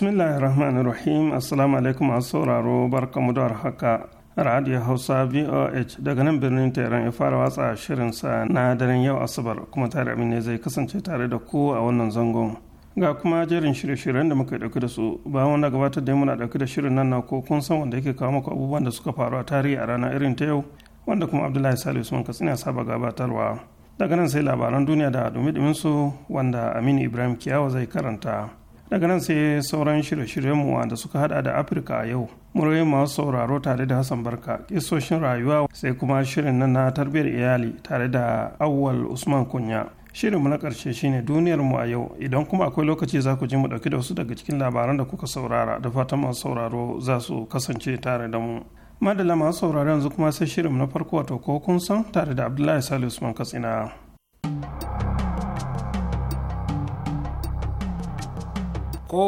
rahim assalamu alaikum masu sauraro barkamu da haka radio hausa voh daga nan birnin tehran ya fara watsa shirinsa na daren yau asabar kuma tare ne zai kasance tare da ku a wannan zangon ga kuma jerin shirye-shiryen da muka dauki da su bayan wanda gabatar da muna dauki da shirin nan na ko kun san wanda yake kawo muku abubuwan da suka faru a tarihi a rana irin ta yau wanda kuma abdullahi salisu usman katsina saba gabatarwa daga nan sai labaran duniya da dumi su wanda aminu ibrahim kiyawa zai karanta daga nan sai sauran shirye-shiryenmu shiryen da suka hada da afirka a yau muryoyin masu sauraro tare da hassan barka kisoshin rayuwa sai kuma shirin nan na tarbiyyar iyali tare da awwal usman kunya shirinmu na karshe shine duniyarmu a yau idan kuma akwai lokaci za ku ji mu ɗauki da wasu daga cikin labaran da kuka saurara da fatan masu sauraro za su kasance tare da mu madalla masu sauraro yanzu kuma sai shirinmu na farko wato ko kun san tare da abdullahi salisu usman katsina ko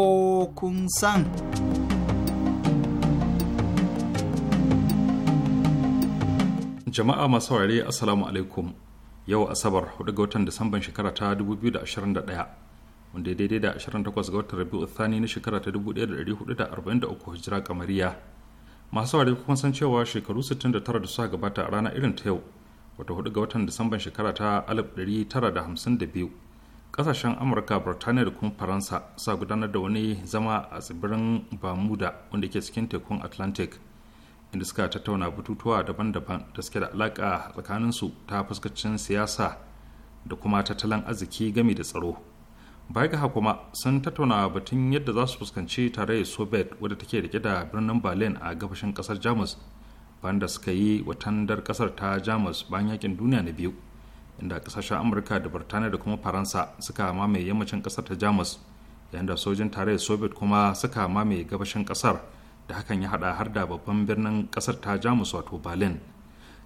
kun san. Jama'a masu saurare Assalamu alaikum yau Asabar 4 ga watan Disamban shekara ta 2021 wanda ya daidai da 28 ga watan Rabiu Thani na shekara ta 1443 hijira kamariya. Masu saurare kuma san cewa shekaru 69 da suka gabata a rana irin ta yau wata 4 ga watan Disamban shekara ta 1952 kasashen amurka burtaniya da kuma faransa sa gudanar da wani zama a tsibirin bamuda wanda ke cikin tekun atlantic inda suka tattauna batutuwa daban-daban da suke da alaka tsakaninsu ta fuskacin siyasa da kuma tattalin arziki gami da tsaro baya ga kuma sun tattauna batun yadda za su fuskanci tarayyar soviet wadda take rike da birnin berlin a gabashin kasar jamus bayan da suka yi watandar kasar ta jamus bayan yakin duniya na biyu inda kasashen amurka da birtaniya da kuma faransa suka mamaye yammacin kasar ta jamus yayin da sojin tarayyar soviet kuma suka mamaye gabashin kasar da hakan ya hada har da babban birnin kasar ta jamus wato berlin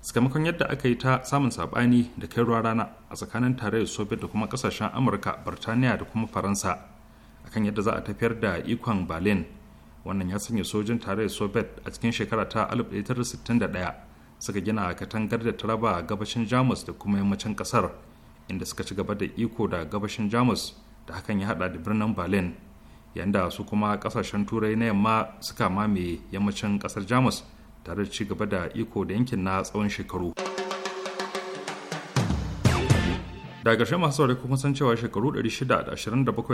sakamakon yadda aka yi ta samun sabani da kai ruwa rana a tsakanin tarayyar soviet da kuma kasashen amurka birtaniya da kuma faransa akan yadda za a tafiyar da ikon berlin wannan ya sanya sojin tarayyar soviet a cikin shekara ta 1961 suka gina katangar da ta raba gabashin jamus da kuma yammacin kasar inda suka ci gaba da iko da gabashin jamus da hakan ya hada da birnin berlin yanda su kuma kasashen turai na yamma suka mamaye yammacin kasar jamus tare da ci gaba da iko da yankin na tsawon shekaru da ƙarshe masu saurari kuma san cewa shekaru 627 da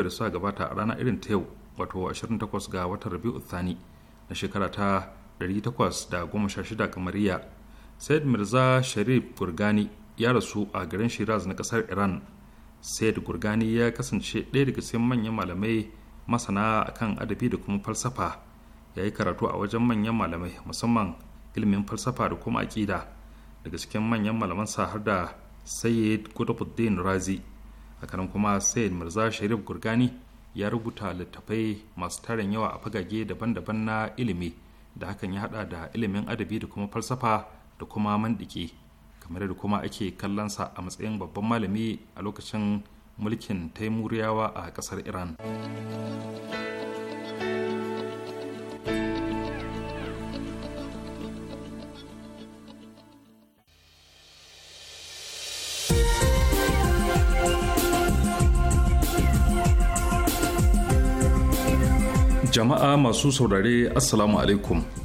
suka gabata a rana irin ta yau wato 28 ga watan rabi'u thani na shekara ta 816 kamariya said mirza sharif gurgani ya rasu a garin shiraz na kasar iran said gurgani ya kasance ɗaya daga cikin manyan malamai masana akan adabi da kuma falsafa ya yi karatu a wajen manyan malamai musamman ilimin falsafa da kuma aƙida daga cikin manyan malaman har da sayyid gudabuddin razi a kuma sayyid mirza sharif gurgani ya rubuta littattafai masu tarin yawa a fagage daban-daban na ilimi da hakan ya haɗa da ilimin adabi da kuma falsafa da kuma mandike kamar da kuma ake kallonsa a matsayin babban malami a lokacin mulkin taimuriyawa a kasar iran jama'a masu saurare assalamu alaikum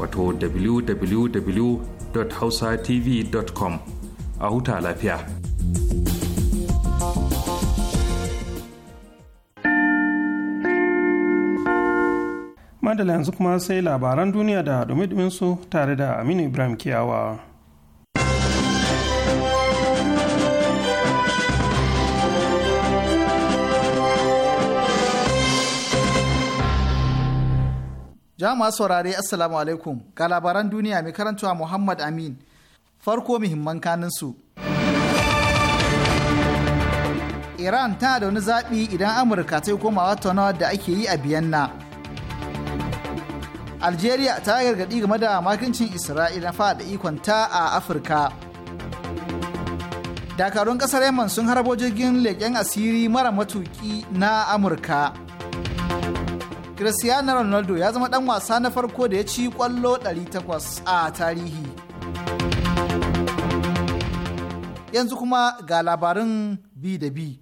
wato www.hausatv.com a huta lafiya. Madala yanzu kuma sai labaran duniya da dumi su tare da Aminu Ibrahim Kiyawa. Jama'a saurare Assalamu alaikum ga labaran duniya mai karantawa Muhammad Amin. Farko muhimman kanin su. Iran tana da wani zaɓi idan Amurka ta yi komawa tonawa da ake yi a Biyanna. Algeria ta gargaɗi game da makincin Isra'ila ikon ikonta a Afirka. Dakarun ƙasar Yaman sun harbo jirgin leƙen asiri mara matuƙi na Amurka. Cristiano Ronaldo ya zama dan wasa na farko da ya ci kwallo 800 a tarihi. Yanzu kuma ga labarin bi da bi.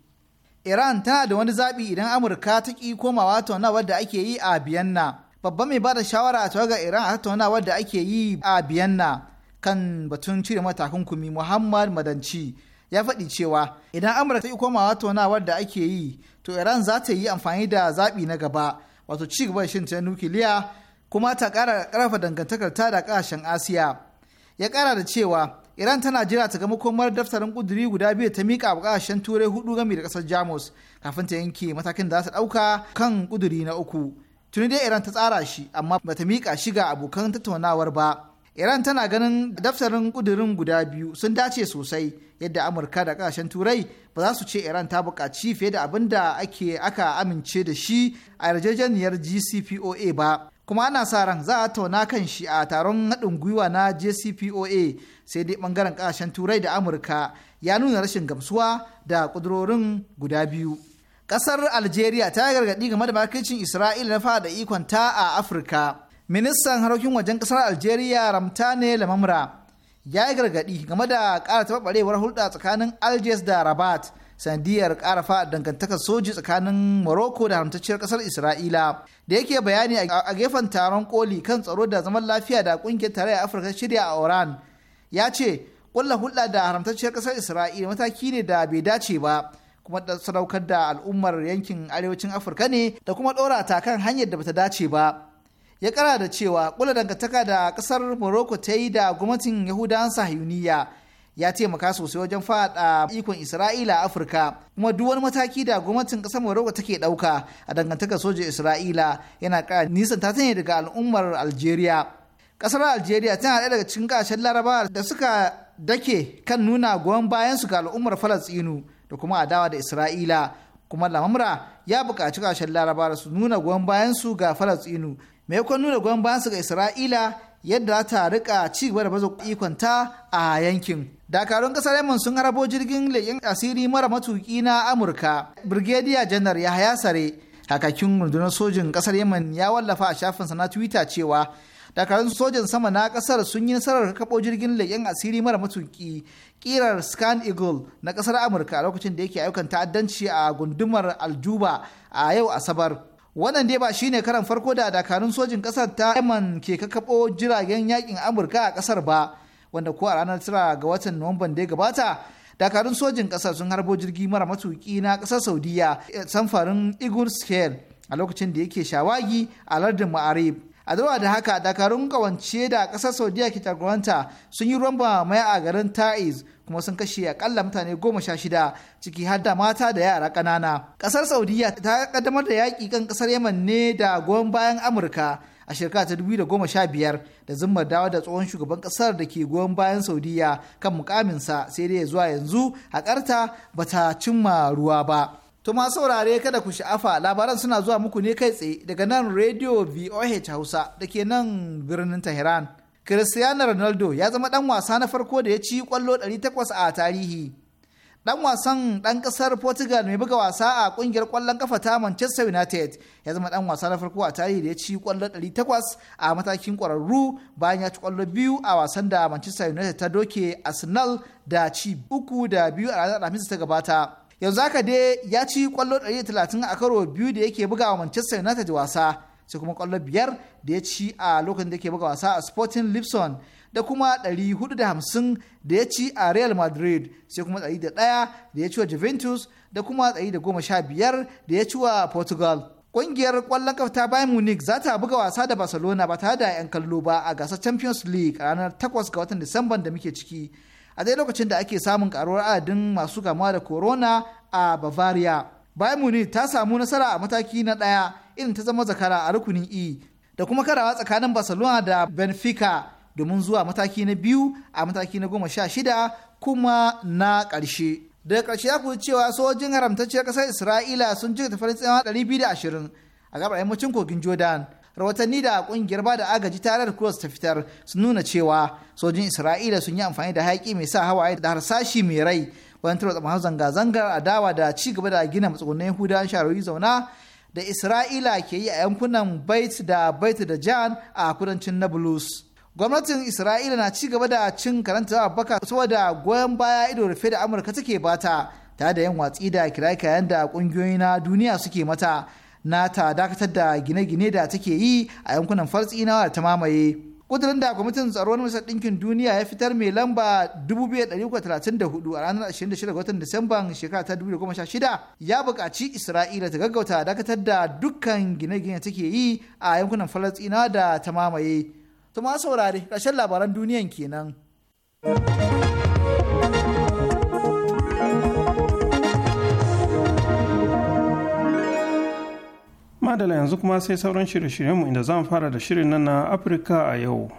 Iran tana da wani zaɓi idan Amurka ta ƙi komawa tattaunawar da ake yi a Biyanna. Babban mai bada shawara a tawaga Iran a tattaunawar da ake yi a Biyanna kan batun cire matakunkumi Muhammad Madanci ya faɗi cewa idan Amurka ta ƙi komawa tattaunawar da ake yi to Iran za ta yi amfani da zaɓi na gaba wato ci gaba da shirin nukiliya kuma ta kara karfa dangantakar ta da kasashen asiya ya kara da cewa iran tana jira ta ga makomar daftarin kuduri guda biyu ta mika a kasashen turai hudu gami da kasar jamus kafin ta yanke matakin da za ta dauka kan kuduri na uku tuni dai iran ta tsara shi amma ba ta mika shi ga abokan tattaunawar ba iran tana ganin daftarin kudurin guda biyu sun dace sosai yadda amurka da kasashen turai ba za su ce iran ta buƙaci fiye da abin da ake aka amince da shi a yarjejeniyar GCPOA ba kuma ana sa ran za a tauna kan shi a taron haɗin gwiwa na jcpoa sai dai ɓangaren kasashen turai da amurka ya nuna rashin gamsuwa da ƙudurorin guda biyu ƙasar algeria ta gargaɗi game da makircin isra'ila na fada ikon ta a afirka ministan harkokin wajen ƙasar algeria ramtane lamamra ya yi gargaɗi game da ƙara taɓarɓarewar hulɗa tsakanin algiers da rabat sandiyar ƙara fa'a dangantakar soji tsakanin morocco da haramtacciyar ƙasar isra'ila da yake bayani a gefen taron koli kan tsaro da zaman lafiya da ƙungiyar tarayyar afirka shirya a oran ya ce ƙulla hulɗa da haramtacciyar ƙasar isra'ila mataki ne da bai dace ba kuma da sadaukar da al'ummar yankin arewacin afirka ne da kuma ɗora ta kan hanyar da bata dace ba ya kara da cewa kula dangantaka da kasar morocco ta yi da gwamnatin yahudawan sahiyuniya ya taimaka sosai wajen fada ikon isra'ila a afirka kuma duk wani mataki da gwamnatin kasar morocco take dauka a dangantakar sojin isra'ila yana kara nisan ta ne daga al'ummar algeria kasar algeria tana daya daga cikin kashen laraba da suka dake kan nuna goyon bayan su ga al'ummar falastinu da kuma adawa da isra'ila kuma lamamra ya buƙaci kasashen laraba su nuna goyon bayan su ga falastinu Mai nuna gwan bayan su ga isra'ila yadda za ta rika ci gaba da baza ikonta a yankin dakarun ƙasar yaman sun harabo jirgin leƙen asiri mara matuki na amurka brigadier janar yahaya sare hakakin rundunar sojin ƙasar yaman ya wallafa a shafinsa na twitter cewa dakarun sojan sama na ƙasar sun yi nasarar kakabo jirgin leƙen asiri mara matuƙi ƙirar scan eagle na ƙasar amurka a lokacin da yake ayyukan ta'addanci a gundumar aljuba a yau asabar wannan dai ba shine karan farko da dakarun sojin kasar ta yaman ke kakabo jiragen yakin amurka a kasar ba wanda ko a ranar tara ga watan nuwamban da ya gabata dakarun sojin kasar sun harbo jirgi mara matuki na kasar saudiya eh, samfarin igun scale a lokacin da yake shawagi a lardin ma'arib a dawa da haka dakarun kawance da kasar saudiya ke jagoranta sun yi ruwan mai a garin taiz kuma sun kashe akalla mutane goma sha shida ciki har da mata da yara ƙanana ƙasar saudiya ta kaddamar da yaƙi kan ƙasar yaman ne da goyon bayan amurka a shekara ta 2015 da sha dawo da tsohon shugaban ƙasar da ke goyon bayan saudiya kan mukaminsa sai dai zuwa yanzu haƙarta ba ta cimma ruwa ba to ma saurare kada ku sha'afa labaran suna zuwa muku ne kai tsaye daga nan radio voh hausa da ke nan birnin tehran Cristiano Ronaldo ya zama ɗan wasa na farko da ya ci ƙwallo 800 a tarihi. Ɗan wasan ɗan ƙasar Portugal mai buga wasa a ƙungiyar ƙwallon kafa ta Manchester United ya zama ɗan wasa na farko a tarihi da ya ci ƙwallo 800 a matakin ƙwararru bayan ya ci ƙwallo biyu a wasan da Manchester United ta doke Arsenal da ci uku da biyu a ranar Alhamis ta gabata. Yanzu haka dai ya ci ƙwallo 130 a karo biyu da yake buga wa Manchester United wasa. sai kuma kwallo biyar da ya ci a lokacin da ke buga wasa a sporting lipson da kuma 450 da ya ci a real madrid sai kuma 101 da da ya ci wa juventus da kuma 115 da goma sha biyar da ya ci wa portugal Ƙungiyar ƙwallon kafa ta Bayern Munich za ta buga wasa da Barcelona ba tare da 'yan kallo ba a gasar Champions League ranar 8 ga watan Disamban da muke ciki. A dai lokacin da ake samun karuwar adadin masu kamuwa da corona a Bavaria. Bayern Munich ta samu nasara a mataki na ɗaya irin ta zama zakara a rukunin E da kuma karawa tsakanin Barcelona da Benfica domin zuwa mataki na biyu a mataki na goma sha shida kuma na ƙarshe. Daga ƙarshe ya kuwa cewa sojin haramtacciyar ƙasar Isra'ila sun ta farin tsayawa ɗari biyu da ashirin a gabar yammacin kogin Jordan. Rahotanni da ƙungiyar ba da agaji tarar Cross ta fitar sun nuna cewa sojin Isra'ila sun yi amfani da hayaƙi mai sa hawaye da harsashi mai rai wani tarwatsa masu zanga-zangar dawa da ci gaba da gina matsugunan Yahudawan shahararri zauna da Isra'ila ke yi a yankunan Bait da Bait da Jan a kudancin Nablus. Gwamnatin Isra'ila na ci gaba da cin karanta baka saboda goyon baya ido rufe da Amurka take bata Ta da yin watsi da kirakayen da kungiyoyi na duniya suke mata na ta dakatar da gine-gine da take yi a yankunan Falasɗinawa da ta mamaye. Ƙudurin da kwamitin tsaro na Majalisar Ɗinkin Duniya ya fitar mai lamba 2334 a ranar 26 ga watan Disamban shekara ta 2016 ya buƙaci Isra'ila ta gaggauta dakatar da dukkan gine-gine take yi a yankunan Falasɗina da ta mamaye. Tuma saurare, ƙarshen labaran duniyan kenan. madala yanzu kuma sai sauran shirye-shiryenmu inda zan fara da shirin nan na afirka a yau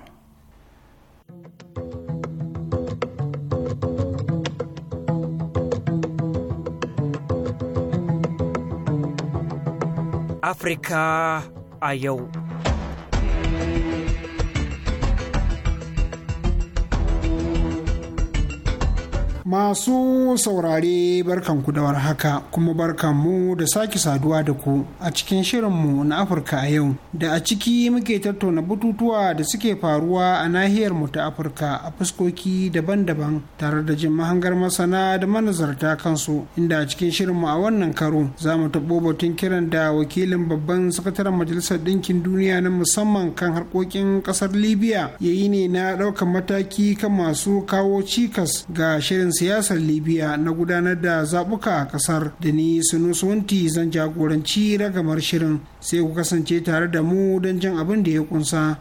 afirka a yau Masu saurare barkanku da haka kuma barkanmu da sake saduwa da ku a cikin shirinmu na Afirka a yau da a ciki muke tattauna bututuwa da suke faruwa a nahiyar mu ta Afirka a fuskoki daban-daban tare da jin mahangar masana da manazarta kansu inda a cikin shirinmu a wannan karo za mu taɓo batun kiran da wakilin babban sakataren majalisar ɗinkin duniya na musamman kan harkokin ƙasar Libya yayi ne na ɗaukar mataki kan masu kawo cikas ga shirin siyasar libya na gudanar da zaɓuka a ƙasar da ni sunusunti zan jagoranci ragamar shirin sai ku kasance tare da mu don jin abin da ya kunsa.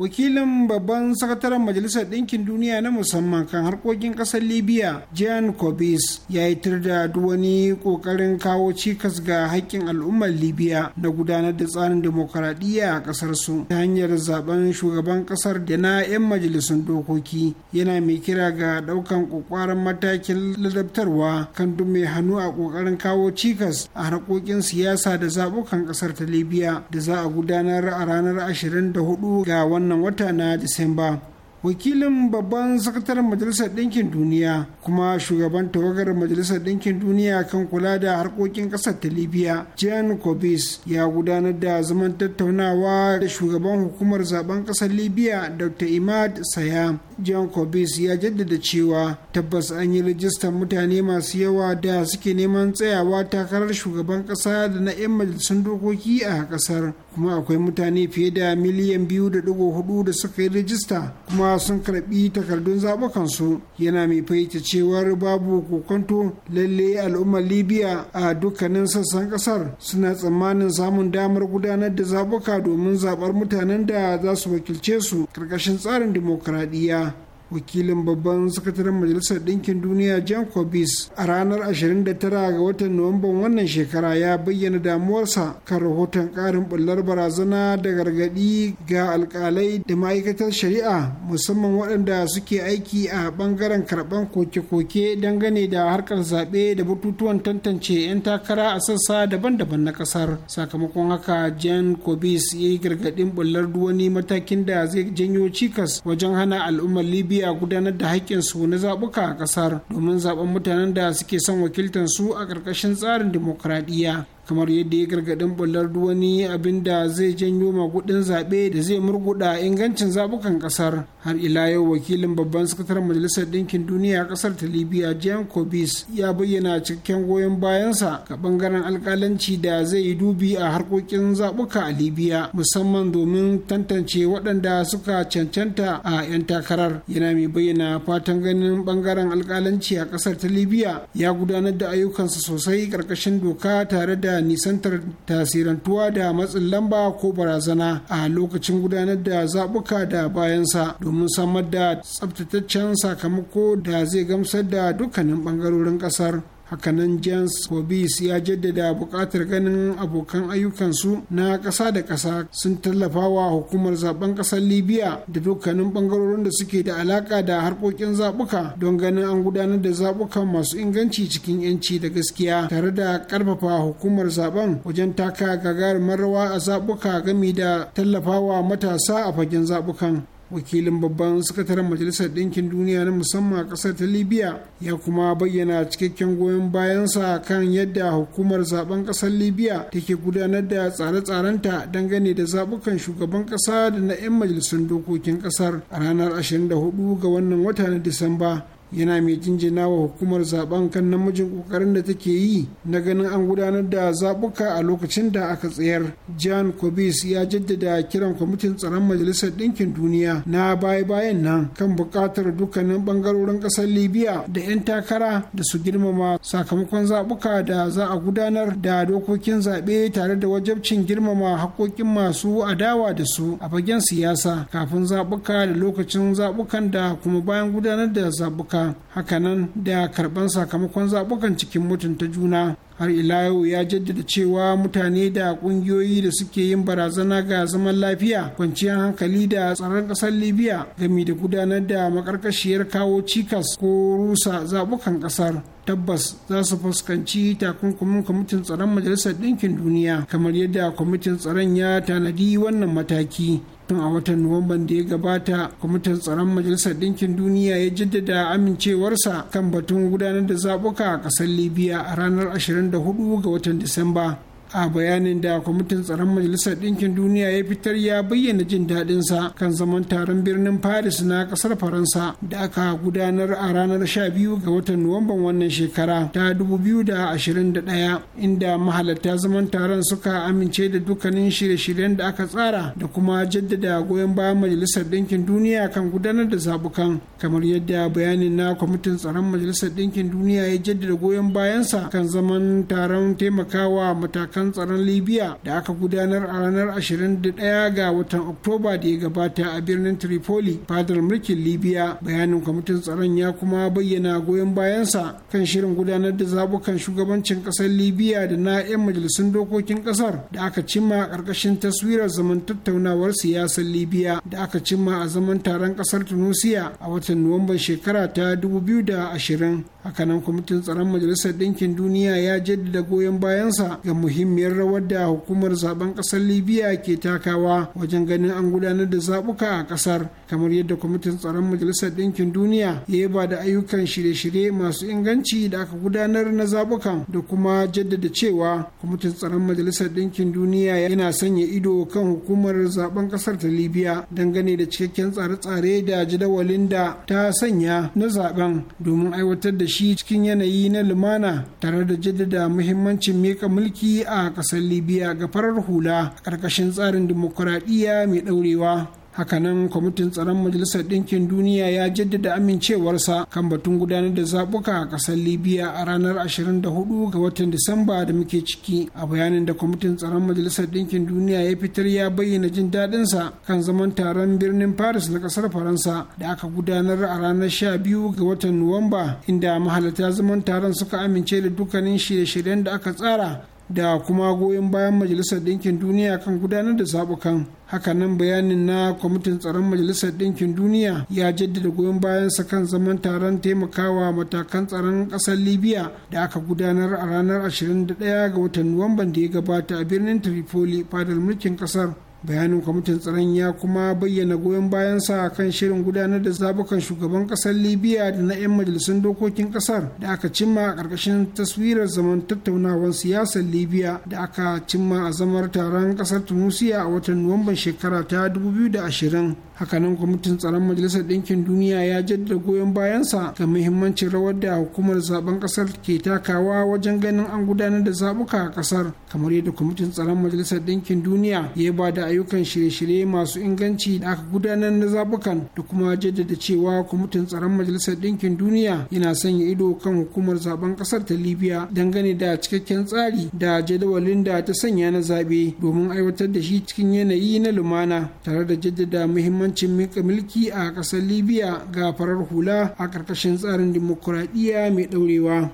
wakilin babban sakataren majalisar ɗinkin duniya na musamman kan harkokin ƙasar libya jan kobis ya yi da wani ƙoƙarin kawo cikas ga haƙƙin al'ummar libya na gudanar da tsarin demokaradiyya a ƙasar su ta hanyar zaben shugaban ƙasar da na 'yan majalisun dokoki yana mai kira ga ɗaukan ƙoƙarin matakin ladabtarwa kan duk mai hannu a ƙoƙarin kawo cikas a harkokin siyasa da zaɓukan ƙasar ta libya da za a gudanar a ranar 24 ga wannan wannan wata na disamba wakilin babban sakataren majalisar ɗinkin duniya kuma shugaban tawagar majalisar ɗinkin duniya kan kula da harkokin ƙasar ta libya jan kobis ya gudanar da zaman tattaunawa da shugaban hukumar zaben ƙasar libya dr imad saya jan kobis ya jaddada cewa tabbas an yi rajistar mutane masu yawa da suke neman tsayawa takarar shugaban ƙasa da na 'yan majalisun dokoki a ƙasar kuma akwai mutane fiye da miliyan biyu da dubu hudu da suka yi rijista kuma sun karbi takardun zaɓukansu yana mai fahimta cewar babu kokonto lalle al'ummar libya a dukkanin sassan ƙasar suna tsammanin samun damar gudanar da zaɓuka domin zaɓar mutanen da za su wakilce su ƙarƙashin tsarin dimokuraɗiyya wakilin babban sakataren majalisar ɗinkin duniya jan kobis a ranar 29 ga watan nuwamban wannan shekara ya bayyana damuwarsa kan rahoton ƙarin bullar barazana da gargaɗi ga alƙalai da ma'aikatar shari'a musamman waɗanda suke aiki a ɓangaren karɓan koke-koke dangane da harkar zaɓe da batutuwan tantance 'yan takara a sassa daban-daban na ƙasar sakamakon haka jan kobis ya yi gargaɗin bullar wani matakin da zai janyo cikas wajen hana al'ummar libya iya gudanar da su na zaɓuka a ƙasar domin zaɓen mutanen da suke son wakiltar su a ƙarƙashin tsarin dimokuraɗiyya kamar yadda ya gargaɗin bullar wani abin da zai janyo magudin zaɓe da zai murguɗa ingancin zabukan ƙasar har ila yau wakilin babban sakataren majalisar ɗinkin duniya a ƙasar ta libya jan kobis ya bayyana cikakken goyon bayansa ga bangaren alƙalanci da zai yi dubi a harkokin zaɓuka a libya musamman domin tantance waɗanda suka cancanta a 'yan takarar yana mai bayyana fatan ganin bangaren alƙalanci a ƙasar ta libya ya gudanar da ayyukansa sosai ƙarƙashin doka tare da nisantar tasirantuwa da matsin lamba ko barazana a lokacin gudanar da zabuka da bayansa domin samar da tsabtataccen sakamako da zai gamsar da dukkanin bangarorin kasar. hakanan james hobbes ya jaddada bukatar ganin abokan ayyukansu na ƙasa da ƙasa sun tallafa wa hukumar zaben ƙasar libya da dukkanin ɓangarorin da suke da alaƙa da harkokin zaɓuka don ganin an gudanar da zaɓukan masu inganci cikin yanci da gaskiya tare da ƙarfafa hukumar zaben wajen taka gagarumar rawa a zaɓuka gami da tallafawa matasa a fagen zaɓukan wakilin babban sakataren majalisar ɗinkin duniya na musamman a ƙasar ta libya ya kuma bayyana cikakken goyon bayansa kan yadda hukumar zaben ƙasar libya take gudanar da tsare-tsarenta dangane da zaɓukan shugaban ƙasa da na 'yan majalisun dokokin ƙasar a ranar 24 ga wannan wata na disamba yana mai jinjina wa hukumar zaben kan namijin kokarin da take yi na ganin an gudanar da zabuka a lokacin da aka tsayar jan kobis ya jaddada kiran kwamitin tsaron majalisar ɗinkin duniya na baya-bayan nan kan buƙatar dukkanin ɓangarorin ƙasar libya da 'yan takara da su girmama sakamakon zabuka da za a gudanar da dokokin zaɓe tare da wajabcin girmama haƙoƙin masu adawa da su a fagen siyasa kafin zabuka da lokacin zabukan da kuma bayan gudanar da zabuka hakanan da karban sakamakon zaɓukan cikin mutunta juna har ila yau ya jaddada cewa mutane da ƙungiyoyi da suke yin barazana ga zaman lafiya kwanciyar hankali da tsaron ƙasar libya gami da gudanar da makarkashiyar kawo cikas ko rusa zabukan ƙasar tabbas za su fuskanci takunkumin kwamitin tsaron majalisar ɗinkin duniya kamar yadda kwamitin tsaron ya tanadi wannan mataki tun a watan nuwamban da ya gabata kwamitin tsaron majalisar ɗinkin duniya ya jaddada amincewarsa kan batun gudanar da zaɓuka a ƙasar libya a ranar 24 ga watan disamba a bayanin da kwamitin tsaron majalisar ɗinkin duniya ya fitar ya bayyana jin daɗin sa kan zaman taron birnin paris na ƙasar faransa da aka gudanar a ranar 12 ga watan nuwamban wannan shekara ta 2021 inda mahalarta zaman taron suka amince da dukkanin shirye-shiryen da aka tsara da kuma jaddada goyon bayan majalisar ɗinkin duniya kan gudanar da zabukan kamar yadda bayanin na kwamitin tsaron majalisar ɗinkin duniya ya jaddada goyon bayansa kan zaman taron taimakawa matakan matakan tsaron libya da aka gudanar a ranar 21 ga watan oktoba da ya gabata a birnin tripoli fadar mulkin libya bayanin kwamitin tsaron ya kuma bayyana goyon bayansa kan shirin gudanar da zabukan shugabancin kasar libya da na 'yan majalisun dokokin kasar da aka cimma a ƙarƙashin taswirar zaman tattaunawar siyasar libya da aka cimma a zaman taron kasar tunisia a watan nuwamban shekara ta 2020 hakanan kwamitin tsaron majalisar ɗinkin duniya ya jaddada goyon bayansa ga muhimmin muhimmiyar rawar da hukumar zaben kasar libya ke takawa wajen ganin an gudanar da zabuka a kasar kamar yadda kwamitin tsaron majalisar ɗinkin duniya ya yi ba da ayyukan shirye-shirye masu inganci da aka gudanar na zabukan da kuma jaddada cewa kwamitin tsaron majalisar ɗinkin duniya yana sanya ido kan hukumar zaben kasar ta libya dangane da cikakken tsare-tsare da jadawalin da ta sanya na zaben domin aiwatar da shi cikin yanayi na lumana tare da jaddada muhimmancin mika mulki a a ƙasar libya ga farar hula a ƙarƙashin tsarin dimokuraɗiyya mai ɗaurewa hakanan kwamitin tsaron majalisar ɗinkin duniya ya jaddada amincewarsa kan batun gudanar da zaɓuka a ƙasar libya a ranar 24 ga watan disamba da muke ciki a bayanin da kwamitin tsaron majalisar ɗinkin duniya ya fitar ya bayyana jin daɗinsa kan zaman taron birnin paris na ƙasar faransa da aka gudanar a ranar 12 ga watan nuwamba inda mahalarta zaman taron suka amince da dukkanin shirye-shiryen da aka tsara da kuma goyon bayan majalisar ɗinkin duniya kan gudanar da zaɓukan hakanan bayanin na kwamitin tsaron majalisar ɗinkin duniya ya jaddada goyon bayansa kan zaman taron taimakawa matakan tsaron ƙasar libya da aka gudanar a ranar 21 ga watan nuwamban da ya gabata a birnin tripoli fadar mulkin ƙasar bayanin kwamitin tsaron ya kuma bayyana goyon bayansa a kan shirin gudanar da zabukan shugaban kasar libya da na 'yan majalisun dokokin kasar da aka cimma a ƙarƙashin taswirar zaman tattaunawar siyasar libya da aka cimma a zamar taron kasar tunisia a watan nuwamban shekara ta 2020 hakanan kwamitin tsaron majalisar ɗinkin duniya ya jaddada goyon bayansa ga muhimmancin rawar da hukumar zaben kasar ke takawa wajen ganin an gudanar da zabuka a kasar kamar yadda kwamitin tsaron majalisar ɗinkin duniya ya ba da ayyukan shirye-shirye masu inganci da aka gudanar na zabukan da kuma jaddada cewa kwamitin tsaron majalisar ɗinkin duniya yana sanya ido kan hukumar zaben ƙasar ta libya dangane da cikakken tsari da jadawalin da ta sanya na zabe domin aiwatar da shi cikin yanayi na lumana tare da jaddada muhimmancin mika mulki a ƙasar libya ga farar hula a ƙarƙashin tsarin dimokuraɗiyya mai ɗaurewa.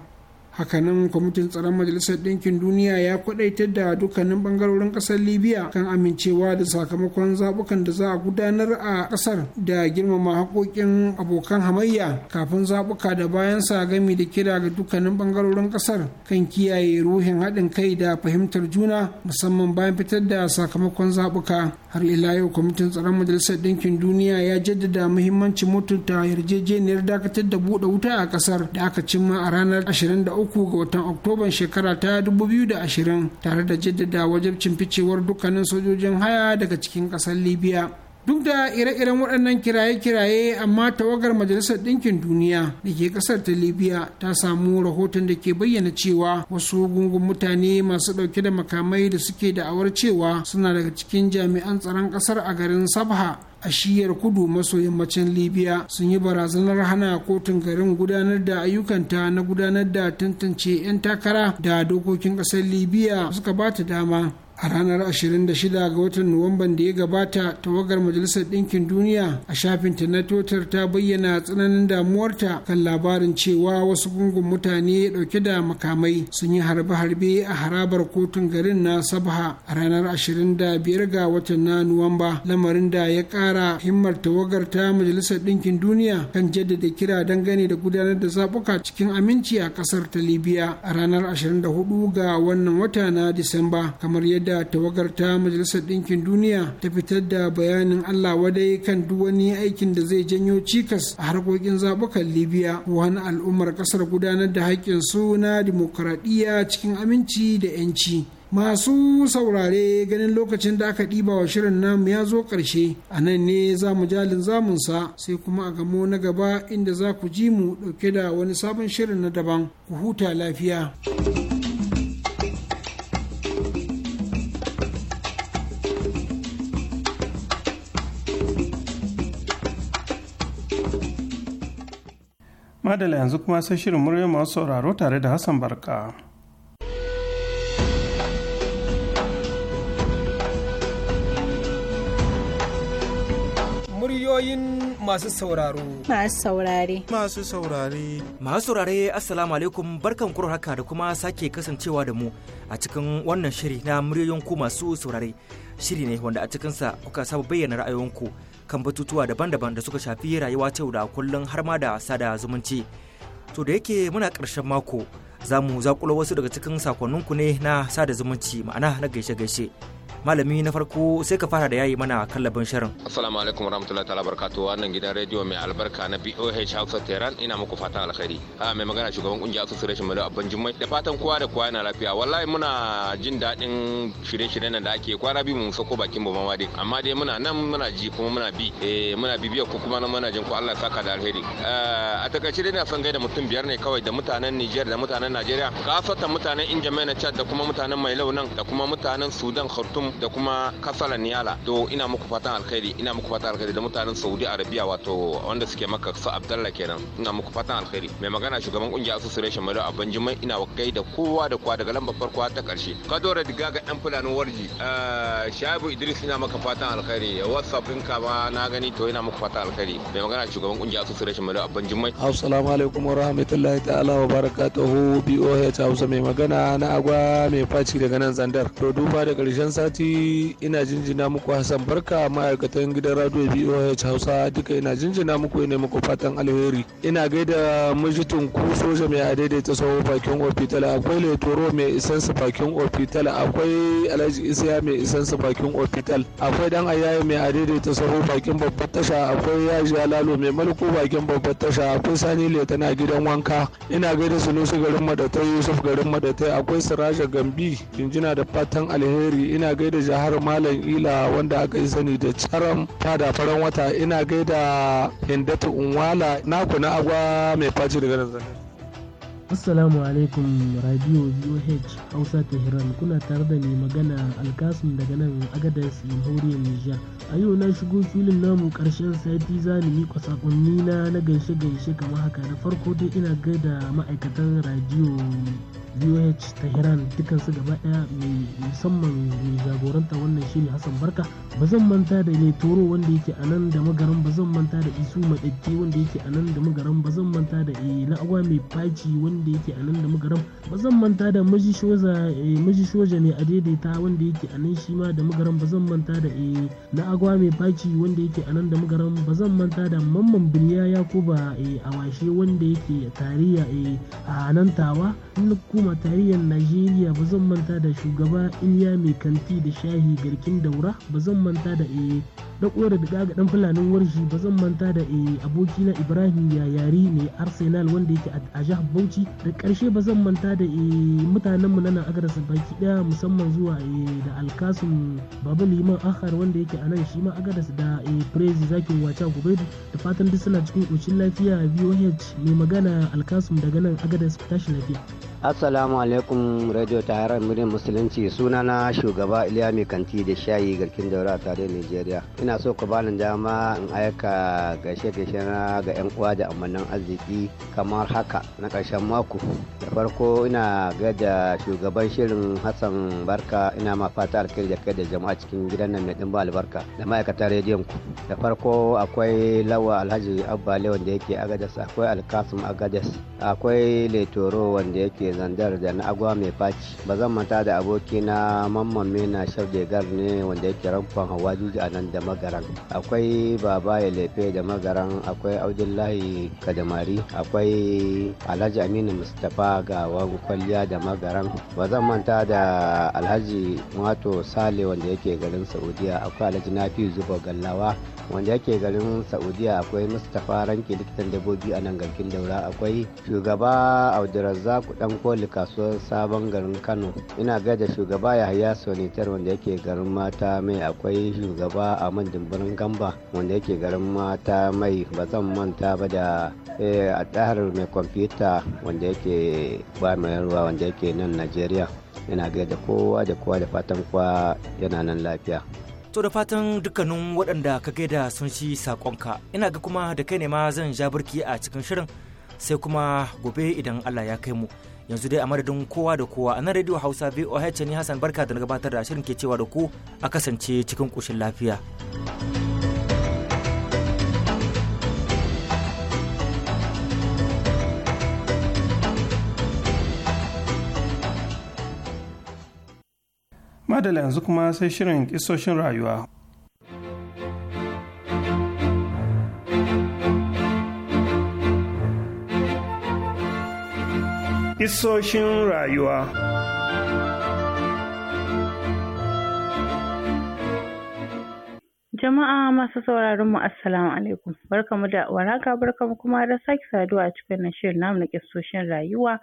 hakanan kwamitin tsaron majalisar ɗinkin duniya ya kwadaitar da dukkanin bangarorin ƙasar libya kan amincewa da sakamakon zabukan da za a gudanar a ƙasar da girmama haƙoƙin abokan hamayya kafin zabuka da bayan sa gami da kira ga dukkanin bangarorin ƙasar kan kiyaye ruhin haɗin kai da fahimtar juna musamman bayan fitar da sakamakon zabuka har ila yau kwamitin tsaron majalisar ɗinkin duniya ya jaddada muhimmancin mutunta yarjejeniyar dakatar da buɗe wuta a ƙasar da aka cimma a ranar 23 ga watan oktoban shekara ta 2020 tare da jaddada wajabcin ficewar dukkanin sojojin haya daga cikin ƙasar libya duk da ire-iren waɗannan kiraye-kiraye amma tawagar majalisar ɗinkin duniya da ke ƙasar ta libya ta samu rahoton da ke bayyana cewa wasu gungun mutane masu ɗauke da makamai da suke da'awar cewa suna daga cikin jami'an tsaron ƙasar a garin sabha a shiyar kudu maso yammacin libya sun yi barazanar hana kotun garin gudanar da ayyukanta na gudanar da tantance 'yan takara da dokokin ƙasar libya suka ba ta dama a ranar 26 ga watan nuwamban da ya gabata tawagar majalisar ɗinkin duniya a shafinta na totar ta bayyana tsananin damuwarta kan labarin cewa wasu gungun mutane ɗauke da makamai sun yi harbe-harbe a harabar kotun garin na sabha a ranar 25 ga watan na nuwamba lamarin da ya ƙara himmar tawagar ta majalisar ɗinkin duniya kan jaddada kira dangane da gudanar da zaɓuka cikin aminci a ƙasar ta libya a ranar 24 ga wannan wata na disamba kamar yadda yadda tawagar ta majalisar ɗinkin duniya ta fitar da bayanin allah wadai kan duk wani aikin da zai janyo cikas a harkokin zaɓukan libya wani al'ummar ƙasar gudanar da hakkin suna dimokuraɗiyya cikin aminci da 'yanci masu saurare ganin lokacin da aka ɗiba wa shirin namu ya zo ƙarshe a nan ne za mu jalin zamunsa sai kuma a gamo na gaba inda za ku ji mu ɗauke da wani sabon shirin na daban ku huta lafiya. madala yanzu kuma sai shirin murya masu sauraro tare da hassan barka muryoyin masu sauraro masu saurare masu saurare masu saurare assalamu alaikum barkan kuro haka da kuma sake kasancewa da mu a cikin wannan shiri na muryoyin ku masu saurare shiri ne wanda a cikinsa kuka saba bayyana ra'ayoyinku kan batutuwa daban-daban da suka shafi rayuwa ta yau da kullum har ma da sada zumunci. To da yake muna ƙarshen mako za mu zakulo wasu daga cikin sakonninku ne na sada zumunci ma'ana na gaishe-gaishe. malami na farko sai ka fara da yayi mana kallabin shirin assalamu alaikum warahmatullahi ta'ala barkatu wannan gidan radio mai albarka na BOH Hausa Tehran ina muku fatan alkhairi a ah, mai magana shugaban kungiyar association Malu Abban Jummai da fatan kowa da kowa yana lafiya wallahi muna jin dadin shirye-shiryen nan da ake kwana biyu mun sako bakin mu ma dai amma dai muna nan muna ji kuma muna bi eh muna bibiya ku kuma nan muna jin ku Allah ya saka da alheri ah, a takaice dai na san gaida mutum biyar ne kawai da mutanen Niger da mutanen Najeriya kafatan mutanen Injamena Chad da kuma mutanen Mailau nan da kuma mutanen Sudan Khartoum da kuma kasala niyala to ina muku fatan alkhairi ina muku fatan alkhairi da mutanen saudi arabia wato wanda suke maka su abdallah kenan ina muku fatan alkhairi mai magana shugaban kungiyar association mai a banjimai ina wakai da kowa da kowa daga lambar farko ta karshe kadora diga ga yan fulani warji eh, shabu idris ina maka fatan alkhairi whatsapp ɗinka ba na gani to ina muku fatan alkhairi mai magana shugaban kungiyar association mai a banjimai assalamu alaikum wa rahmatullahi ta'ala wa barakatuhu boh hausa mai magana na agwa mai faci daga nan zandar to duba da karshen sati farko ina jinjina muku Hassan Barka ma'aikatan gidan radio BOH Hausa duka ina jinjina muku ina muku fatan alheri. Ina gaida mijitin ku soja mai ta sawo bakin ofital akwai letoro mai isan su bakin ofital akwai Alhaji Isiya mai isan su bakin ofital akwai dan ayaye mai ta sawo bakin babbar tasha akwai Yaji alalo mai malko bakin babbar tasha akwai Sani Letana gidan wanka ina gaida Sunusu garin Madatai Yusuf garin Madatai akwai Siraja Gambi jinjina da fatan alheri ina gaida da jihar malam ila wanda aka yi sani da caram ta da faran wata ina gaida hindata unwala naku na agwa mai faci daga nan zanen Assalamu alaikum Radio VOH Hausa Tehran kuna tare da ne magana alkasun daga nan agadas Jamhuriyar Nijar. A yau na shigo filin namu karshen sati za ni miƙa saƙonni na na gaishe gaishe kamar haka na farko dai ina gaida ma'aikatan radio uh tehran dukansu gaba daya mai musamman mai jagoranta wannan shine hassan barka ba zan manta da ne toro wanda yake a nan da magaran ba zan manta da isu madadke wanda yake a nan da magaran ba zan manta da na'awa mai faci wanda yake a nan da magaran ba zan manta da maji eh, shoja ne a daidaita wanda yake a nan shi ma da magaran ba zan manta da na'awa eh, mai faci wanda yake a nan da magaran ba zan manta da mamman birya yakuba eh, a washe wanda yake tariya a nan tawa in kuma tarihin najeriya ba zan manta da shugaba iliya mai kanti da shahi garkin daura ba zan manta da eh da kore da gaga dan fulanin warshi ba zan manta da aboki abokina ibrahim yari ne arsenal wanda yake a Ajah bauchi da karshe ba zan manta da eh, eh mutanen mu nan rasa baki daya musamman zuwa eh da alkasum baba liman akhar wanda yake a nan shi ma rasa da eh prezi zaki wacha gobe da fatan duk suna cikin kocin lafiya voh mai magana alkasum daga nan rasa tashi lafiya assalamu alaikum radio tayaran muryar musulunci na shugaba iliya mai kanti da shayi garkin daura a tare nigeria ina so ku bani dama in aika gaishe gaishe na ga yan uwa da amannan arziki kamar haka na karshen mako da farko ina gaida shugaban shirin hassan barka ina ma fata alkhairi da kai da jama'a cikin gidan nan mai ba albarka da ma'aikatan rediyon ku da farko akwai lawa alhaji abba lewan da yake agadas akwai alkasum agadas akwai letoro wanda yake ke zandar da na agwa mai faci ba zan manta da abokina na mamman mena shaudegar ne wanda yake rankon hawa juji a nan da magaran akwai baba ya lefe da magaran akwai audillahi kadamari akwai alhaji aminu mustapha ga wani kwalliya da magaran ba zan manta da alhaji wato sale wanda yake garin saudiya akwai alhaji nafi zuba gallawa wanda yake garin saudiya akwai mustapha ranke likitan dabobi a nan garkin daura akwai shugaba abdulrazzaku dan bakin kasuwar sabon garin kano ina gaida shugaba yahaya sonitar wanda yake garin mata mai akwai shugaba a dimbirin gamba wanda yake garin mata mai ba zan manta ba da eh, a tsahar mai kwamfuta wanda yake ba mai ruwa wanda yake nan najeriya yana gaida kowa da kowa da fatan kowa yana nan lafiya To da fatan dukkanin waɗanda ka gaida sun shi saƙonka ina ga kuma da kai ne ma zan ja birki a cikin shirin sai kuma gobe idan Allah ya kai mu. yanzu dai a madadin kowa da kowa a nan radio hausa voh ne hassan barka da na gabatar da shirin ke cewa da ku a kasance cikin ƙoshin lafiya madala yanzu kuma sai shirin isoshin rayuwa hissoshin rayuwa Jama'a masu sauraron mu Assalamu alaikum barkamu da waraka barkamu kuma da sake saduwa a cikin shirin namu na kisoshin rayuwa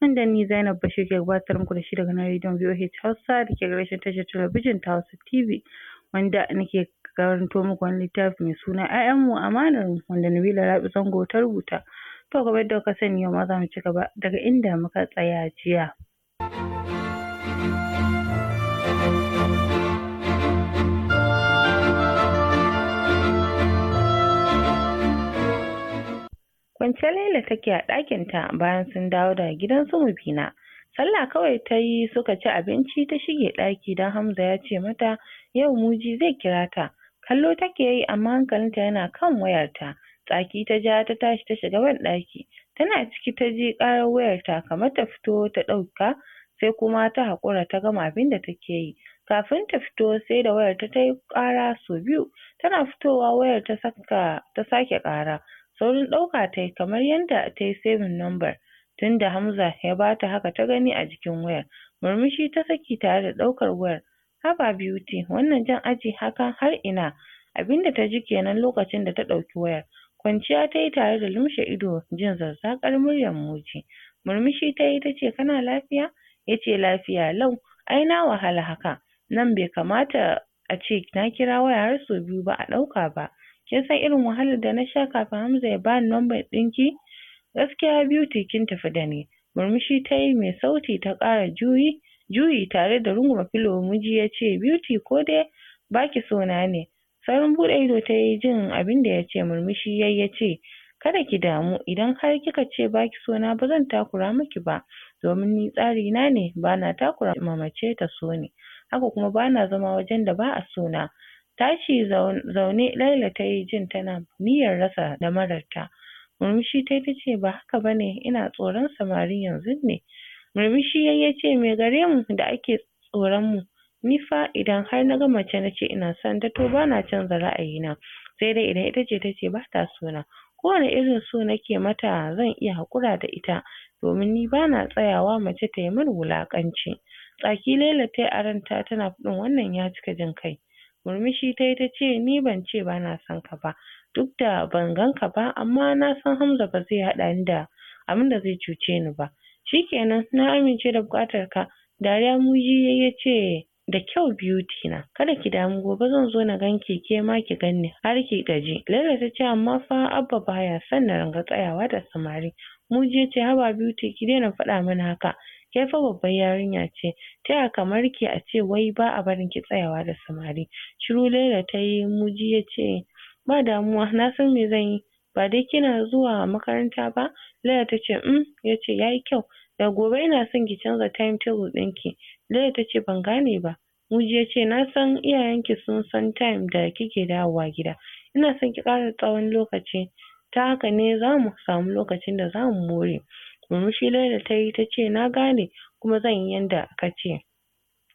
wanda ni Zainab Bashir ke gabatar muku da shi daga nan rediyon VOH Hausa da ke garashin tashar talabijin ta Hausa TV wanda nake karanto muku wani littafi mai suna 'ya'yanmu amanar mu wanda Nabila Rabi Zango ta rubuta To kamar yadda kuka sani yau ma za mu ci gaba daga inda muka tsaya jiya. Kwanciyar Laila take a ɗakinta bayan sun dawo daga gidan su Mubina. Sallah kawai ta yi suka ci abinci ta shige ɗaki don Hamza ya ce mata yau Muji zai kira ta. Kallo take yi amma hankalinta yana kan wayarta. tsaki ta ja ta tashi ta shiga banɗaki tana ciki ta ji ƙarar wayarta kamar ta fito ta ɗauka sai kuma ta haƙura ta gama abin da take yi kafin ta fito sai da wayar ta yi ƙara sau biyu tana fitowa wayar ta saka ta sake ƙara saurin ɗauka ta kamar yadda ta yi saving number tunda Hamza ya bata haka ta gani a jikin wayar murmushi ta saki tare da ɗaukar wayar haba beauty wannan jan aji haka har ina abinda ta ji kenan lokacin da ta ɗauki wayar Kwanciya ta yi tare da lumshe ido jin zazzaƙar muryar Muji. Murmushi ta yi ta ce, Kana lafiya? Ya ce, Lafiya lau, ai na wahala haka, nan bai kamata a ce na kira waya har sau biyu ba a ɗauka ba. Kin san irin wahalar da na sha kafin Hamza ya bani lambar ɗinki? Gaskiya Beauty kin tafi da ni. Murmushi ta yi mai sauti ta ƙara juyi, juyi tare da rungume filo Muji ya ce, Beauty ko dai baki ki so na ne? sauran buɗe ido ta yi jin abin da ya ce, murmushi ya yi ya ce, Kada ki damu, idan har kika ce ba ki so ba zan takura miki ba, domin ni tsari na ne ba na takura ma mace ta so ni, haka kuma ba na zama wajen da ba a so Tashi zaune Laila ta yi jin tana niyyar rasa da mararta, Murmushi ta yi ta ce, Ba haka ba ne, ina tsoron samari yanzu ne. Murmushi ya yi ya ce, Me gare mu da ake tsoron mu? Ni fa idan har na ga mace na ce ina son ta to bana na canza ra'ayina, sai dai idan ita ce ta ce ba ta so na. Kowane irin so nake mata zan iya haƙura da ita domin ni bana tsayawa mace ta yi min wulaƙanci. Tsaki Laila aron a ranta tana faɗin wannan ya cika jin kai. Murmushi ta yi ta ce ni ban ce ba son ka ba, duk da ban gan ka ba amma na san Hamza ba zai haɗa ni da abin da zai cuce ni ba. Shikenan na amince da buƙatar ka. Dariya yi ya ce da kyau beauty na kada ki damu gobe zan zo na ganki ke ma ki ganni har ki gaji Laila ta ce amma fa Abba baya son na ringa tsayawa da samari Mujiya ce haba beauty ki daina faɗa mana haka ke fa babbar yarinya ce taya kamar ki a ce wai ba a barin ki tsayawa da samari shiru Laila ta yi Mujiya ce ba damuwa na san me zan yi ba dai kina zuwa makaranta ba Laila ta ce um ya ce yayi kyau da gobe ina son ki canza timetable ɗinki Ladi ta ce ban gane ba. Muji ya ce na san iyayenki sun san time da kike dawowa gida. Ina son ki ƙara tsawon lokaci ta haka ne za mu samu lokacin da za mu more. Murmushi Laila ta yi ta ce na gane kuma zan yi yanda ka ce.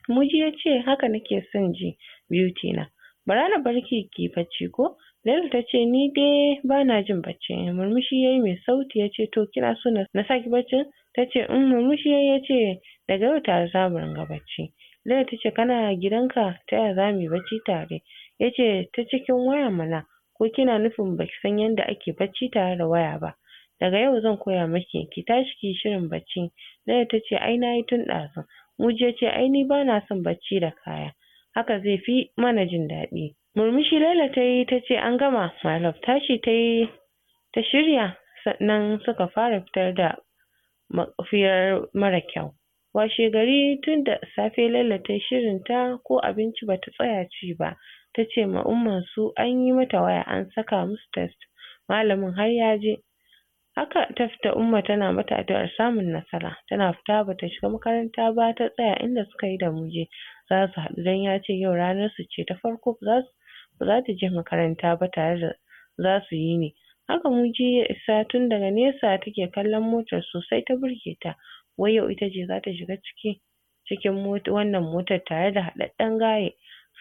Muji ya ce haka nake son ji beauty na. Bara na barki ki bacci ko? Laila ta ce ni dai ba na jin bacci. Murmushi ya yi mai sauti ya ce to kina so na saki baccin? ta ce mm, murmushi ya ce daga yau tare za mu ringa bacci Laila ta ce kana gidanka ta yaya za mu yi bacci tare ya ce ta cikin waya mana ko kina nufin baki san yadda ake bacci tare da waya ba daga yau zan koya maki ki tashi ki shirin bacci Laila ta ce ai na yi tun ɗazu Muji ya ce ai ni ba son bacci da kaya haka zai fi mana jin daɗi murmushi Laila ta yi ce an gama my love tashi ta ta shirya sannan suka fara fitar da mafiyar mara kyau. Washe gari tun da safe lalle ta yi shirinta ko abinci ba ta tsaya ci ba, ta ce ma su an yi mata waya an saka musu test, malamin har ya je. Haka ta fita Umma tana mata addu'ar samun nasara, tana fita ba ta shiga makaranta ba ta tsaya inda suka yi da muje, za su haɗu don ya ce yau ranar su ce ta farko ba za ta je makaranta ba tare da za su yi ne. Haka Muji ya isa tun daga nesa take kallon motar sosai ta burge ta, wai yau ita ce zata shiga ciki cikin wannan motar tare da haɗaɗɗen gaye.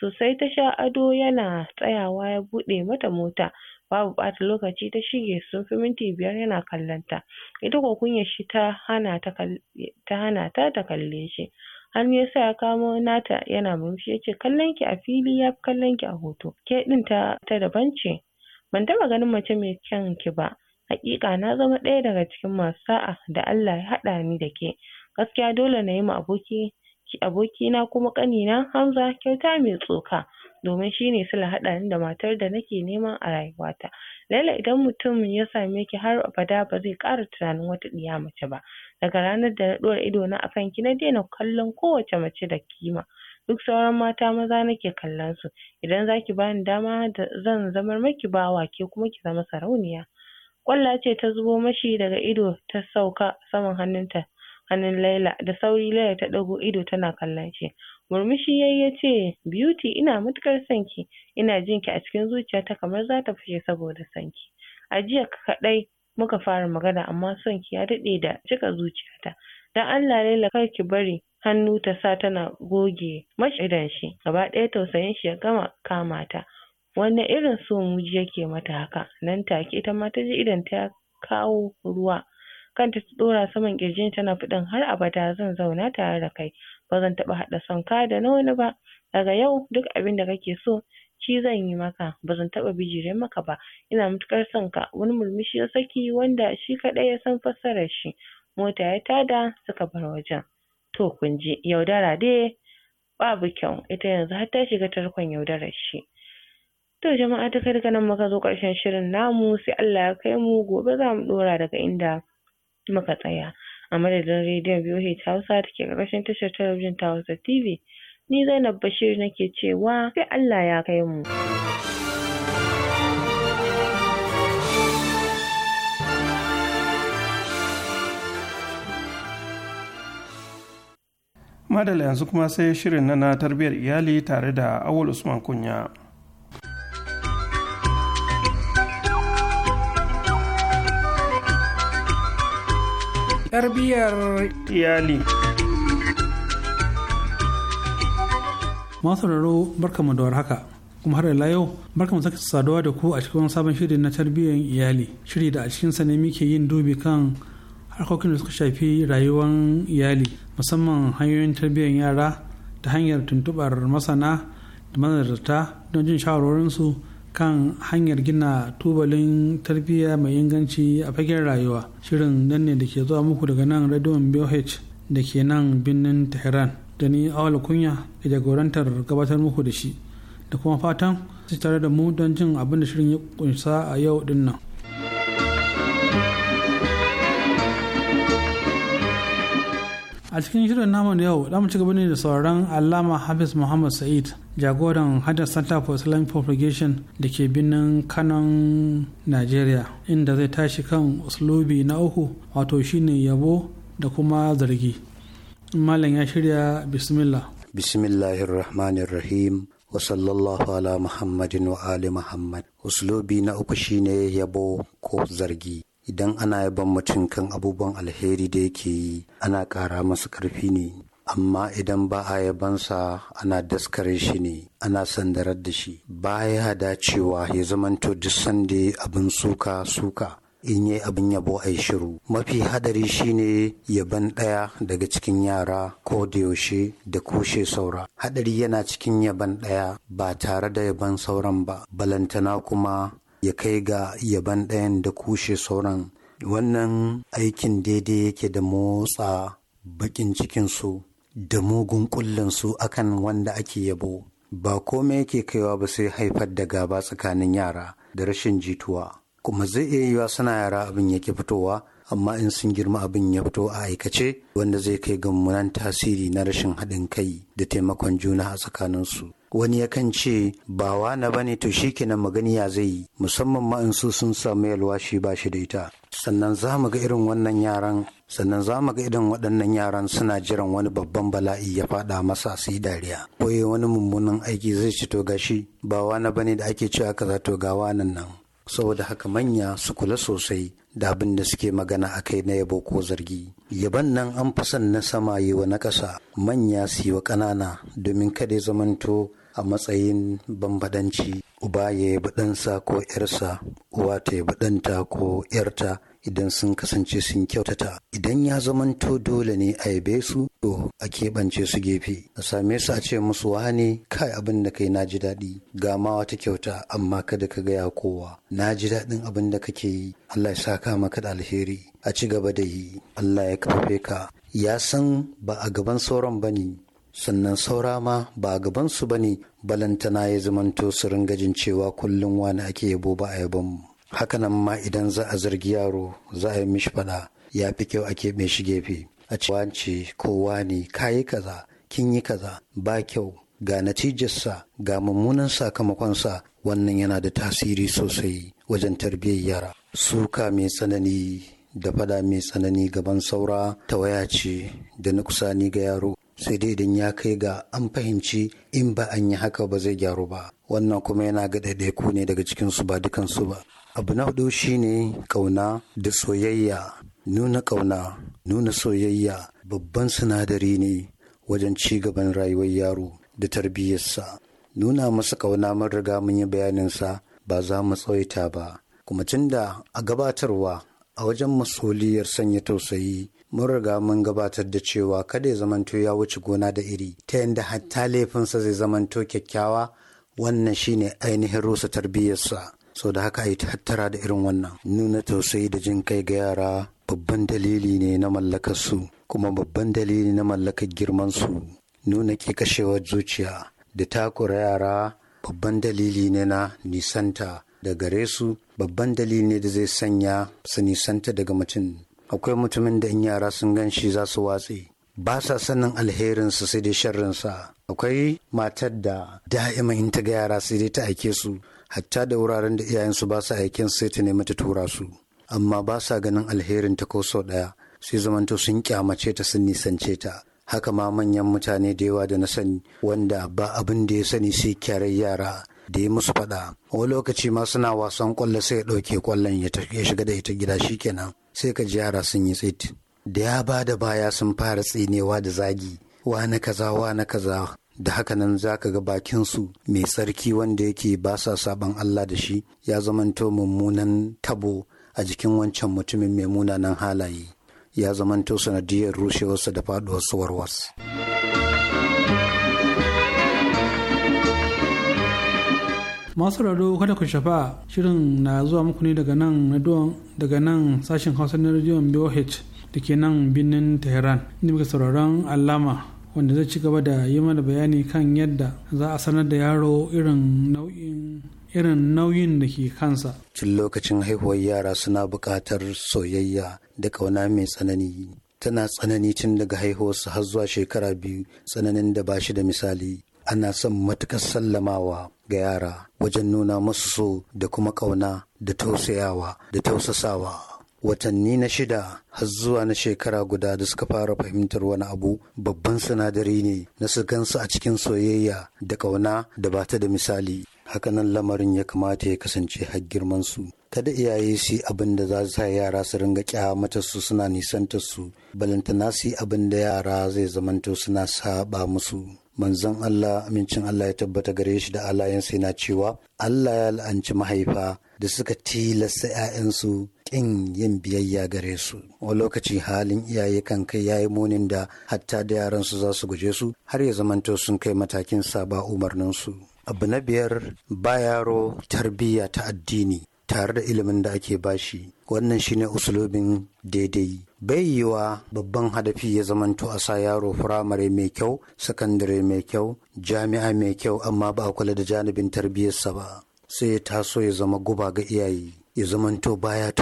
Sosai ta sha ado yana tsayawa ya buɗe mata mota, babu ɓata lokaci ta shige sun fi minti biyar yana kallon ta, ita kuwa kunyar shi ta hana ta ta kalle shi. har ya ya kamo nata yana murmushi ya ce kallon ki a fili ya kallon ki a hoto, ke ɗin ta daban ce. ban taba ganin mace mai kyan ki ba haƙiƙa na zama ɗaya daga cikin masu sa'a da Allah ya haɗa ni da ke gaskiya dole na yi ma aboki abokina kuma ƙanina Hamza kyauta mai tsoka domin shi ne sila haɗa ni da matar da nake nema a rayuwata Laila idan mutum ya same ki har abada ba zai ƙara tunanin wata ɗiya mace ba daga ranar da na ɗora ido na akan ki na daina kallon kowace mace da kima duk sauran mata maza nake kallon su idan zaki bani dama da zan zamar maki bawa ke kuma ki zama sarauniya ƙwalla ce ta zubo mashi daga ido ta sauka saman ta hannun Laila da sauri Laila ta ɗago ido tana kallon shi murmushi yayi yace beauty ina matuƙar son ki ina jin ki a cikin zuciyata kamar zata fashe saboda son ki a jiya kaɗai muka fara magana amma son ki ya daɗe da cika zuciyata Dan Allah Laila kar ki bari hannu ta sa tana goge mashi idan shi gaba ɗaya tausayin shi ya gama kamata ta wanne irin so muji yake mata haka nan take ita ma ta ji idan ta ya kawo ruwa kanta ta ɗora saman ƙirjin tana faɗin har abada zan zauna tare da kai ba zan taɓa haɗa son da na wani ba daga yau duk abin da kake so shi zan yi maka ba zan taɓa bijire maka ba ina matuƙar son ka wani murmushi ya saki wanda shi kaɗai ya san fassarar shi mota ya tada suka bar wajen To kun ji yaudara dai babu kyau ita yanzu har ta shiga tarkon yaudarar shi. To jama'a duka duka nan muka zo ƙarshen shirin namu sai Allah ya kai mu gobe za mu ɗora daga inda muka tsaya. A madadin rediyon VOH Hausa take ke ƙarƙashin tashar talabijin ta Hausa TV. Ni Zainab Bashir nake cewa sai Allah ya kai mu. madala yanzu kuma sai shirin na na tarbiyyar iyali tare da awul usman kunya tarbiyyar iyali masu raro mu da haka kuma har ila yau mu sake saduwa da ku a cikin sabon shiri na tarbiyyar iyali shiri da a cikinsa ne muke yin dubi kan harkokin da suka shafi rayuwar iyali musamman hanyoyin tarbiyyar yara ta hanyar tuntubar masana da manazarta don jin shawarorinsu kan hanyar gina tubalin tarbiyya mai inganci a fagen rayuwa shirin nan ne da ke zuwa muku daga nan radion boh da ke nan birnin tehran da ni awal kunya da jagorantar gabatar muku da shi da kuma fatan su tare da mu don jin abin da shirin ya kunsa a yau din nan a cikin shirin namu na yau za mu ci gaba ne da sauran alama hafiz muhammad sa'id jagoran hadar center for islamic propagation da ke birnin kanon nigeria inda zai tashi kan uslubi na uku wato shine yabo da kuma zargi malam ya shirya bismillah bismillahirrahmanirrahim wa sallallahu ala muhammadin wa ali muhammad uslubi na uku shine yabo ko zargi idan ana yaban mutum kan abubuwan alheri da yake yi ana ƙara masa ƙarfi ne amma idan ba a yabansa ana daskare shi ne ana sandarar da shi Ba baya dacewa ya zamanto duk sande abin suka suka in yi abin yabo a shiru mafi hadari shine yaban ɗaya daga cikin yara ko da yaushe da kushe saura hadari yana cikin yaban ɗaya ba tare da yaban sauran ba balantana kuma ya kai ga yaban ɗayan da kushe sauran wannan aikin daidai yake da motsa bakin cikinsu da mugun kullansu akan wanda ake yabo ba komai yake kaiwa ba sai haifar da gaba tsakanin yara da rashin jituwa kuma zai iya yiwa suna yara abin yake fitowa amma in sun girma abin ya fito a aikace wanda zai kai ga munan tasiri na rashin haɗin kai da taimakon juna a tsakaninsu wani ya kan ce ba wa na bane to shikenan magani ya zai yi musamman ma in su sun samu yalwa shi ba shi da ita sannan za mu ga irin wannan yaran sannan za mu ga irin waɗannan yaran suna jiran wani babban bala'i ya faɗa masa su yi dariya ko wani mummunan aiki zai ci to gashi ba na bane da ake cewa kaza to ga wanan nan saboda haka manya su kula sosai da abin da suke magana a kai na yabo ko zargi yaban nan an fi son na sama yi wa na ƙasa manya su yi wa ƙanana domin kada ya zamanto a matsayin bambadanci uba ya yi ɗansa ko ‘yarsa uwa ta yi baɗanta ko ‘yarta idan sun kasance sun kyautata idan ya zamanto dole ne a yabe su to a keɓance su gefe a same su a ce musu wani kai abin da kai na ji daɗi ga ma wata kyauta amma kada ka gaya kowa na ji daɗin abin da kake yi Allah ya saka maka da alheri a ci gaba da yi Allah ya karfe ka ya san ba a gaban sauran ba ne sannan saura ma ba gabansu ba ne balantana ya zamanto su ringajin cewa kullum wani ake yabo ba a yabon hakanan ma idan za a zargi yaro za a yi mishi faɗa ya fi kyau a keɓe shi gefe a ce wance kowa ne kayi kaza kin yi kaza ba kyau ga natijarsa ga mummunan sakamakonsa wannan yana da tasiri sosai wajen tarbiyyar yara suka mai tsanani da fada mai tsanani gaban saura ta waya ce da nukusani ga yaro sai dai idan ya kai ga an fahimci in ba an yi haka ba zai gyaru ba wannan kuma yana ga ɗaiɗaiku ne daga cikinsu ba dukansu ba abu na hudu shine kauna da soyayya nuna kauna nuna soyayya babban sinadari ne wajen ci gaban rayuwar yaro da tarbiyyarsa nuna masa kauna mun riga mun yi bayanin sa, ba za mu tsawaita ba kuma tunda a gabatarwa a wajen masoliyar sanya tausayi mun riga mun gabatar da cewa kada ya zamanto ya wuce gona da iri ta yadda hatta laifinsa zai zamanto kyakkyawa wannan shine ainihin rusa tarbiyyarsa sau da haka a yi tattara da irin wannan nuna tausayi da jin kai ga yara babban dalili ne na mallakar su kuma babban dalili na mallakar girman su nuna kashewar zuciya da takura yara babban dalili ne na nisanta da gare su babban dalili ne da zai sanya su nisanta daga mutum akwai mutumin da in yara sun gan shi za su watse ba sa sanin alherinsa sai dai sharrinsa akwai matar da da'ima in ta ga yara sai dai ta aike su hatta da wuraren da iyayensu ba sa aikin sai ta nemi ta tura su amma ba sa ganin alherin ta ko sau ɗaya sai zamanto sun kyamace ta sun nisance ta haka ma manyan mutane da yawa da na sani wanda ba abin da ya sani sai kyarar yara da ya musu faɗa wani lokaci ma suna wasan kwallo sai ya ɗauke kwallon ya shiga da ita gida shi kenan. sai ka ji yara sun yi tsit da ya ba da baya sun fara tsinewa da zagi wa na kaza wa na kaza da haka nan za ka ga bakin su mai tsarki wanda yake ba sa saban Allah da shi ya zamanto mummunan tabo a jikin wancan mutumin mai munanan halaye ya zamanto sanadiyar rushewarsa da faɗuwar warwas. masu raro kada ku shafa shirin na zuwa muku ne daga nan daga nan sashen hausa na rediyon boh da ke nan birnin tehran inda muka sauraron alama wanda zai ci gaba da yi mana bayani kan yadda za a sanar da yaro irin nau'in irin nauyin da ke kansa. Cin lokacin haihuwar yara suna bukatar soyayya da ƙauna mai tsanani. Tana tsanani tun daga haihuwarsu har zuwa shekara biyu tsananin da ba shi da misali. ana son matukar sallamawa ga yara wajen nuna masu so da kuma ƙauna da tausayawa da tausasawa. watanni na shida har zuwa na shekara guda da suka fara fahimtar wani abu babban sinadari ne na su a cikin soyayya da ƙauna da ba ta da misali hakanan lamarin ya kamata ya kasance har girman su kada iyaye su abin da za su yara su ringa kyamata su suna nisantar su balantana su abin da yara zai zamanto suna saba musu manzon Allah amincin Allah ya tabbata gare shi da alayansa yana cewa Allah ya la'anci mahaifa da suka tilasta 'ya'yansu ƙin yin biyayya gare su A lokaci halin iyaye kan kai ya yi munin da hatta da yaran su za su guje su har ya zamanto sun kai matakin saba umarnin su abu na biyar ba yaro tarbiyya ta addini tare da ilimin da ake bashi wannan shine usulobin daidai bai yiwa babban hadafi ya zamanto a sa yaro firamare mai kyau sakandare mai kyau jami'a mai kyau amma ba a kula da janibin tarbiyyarsa ba sai ya taso ya zama guba ga iyaye ya zamanto baya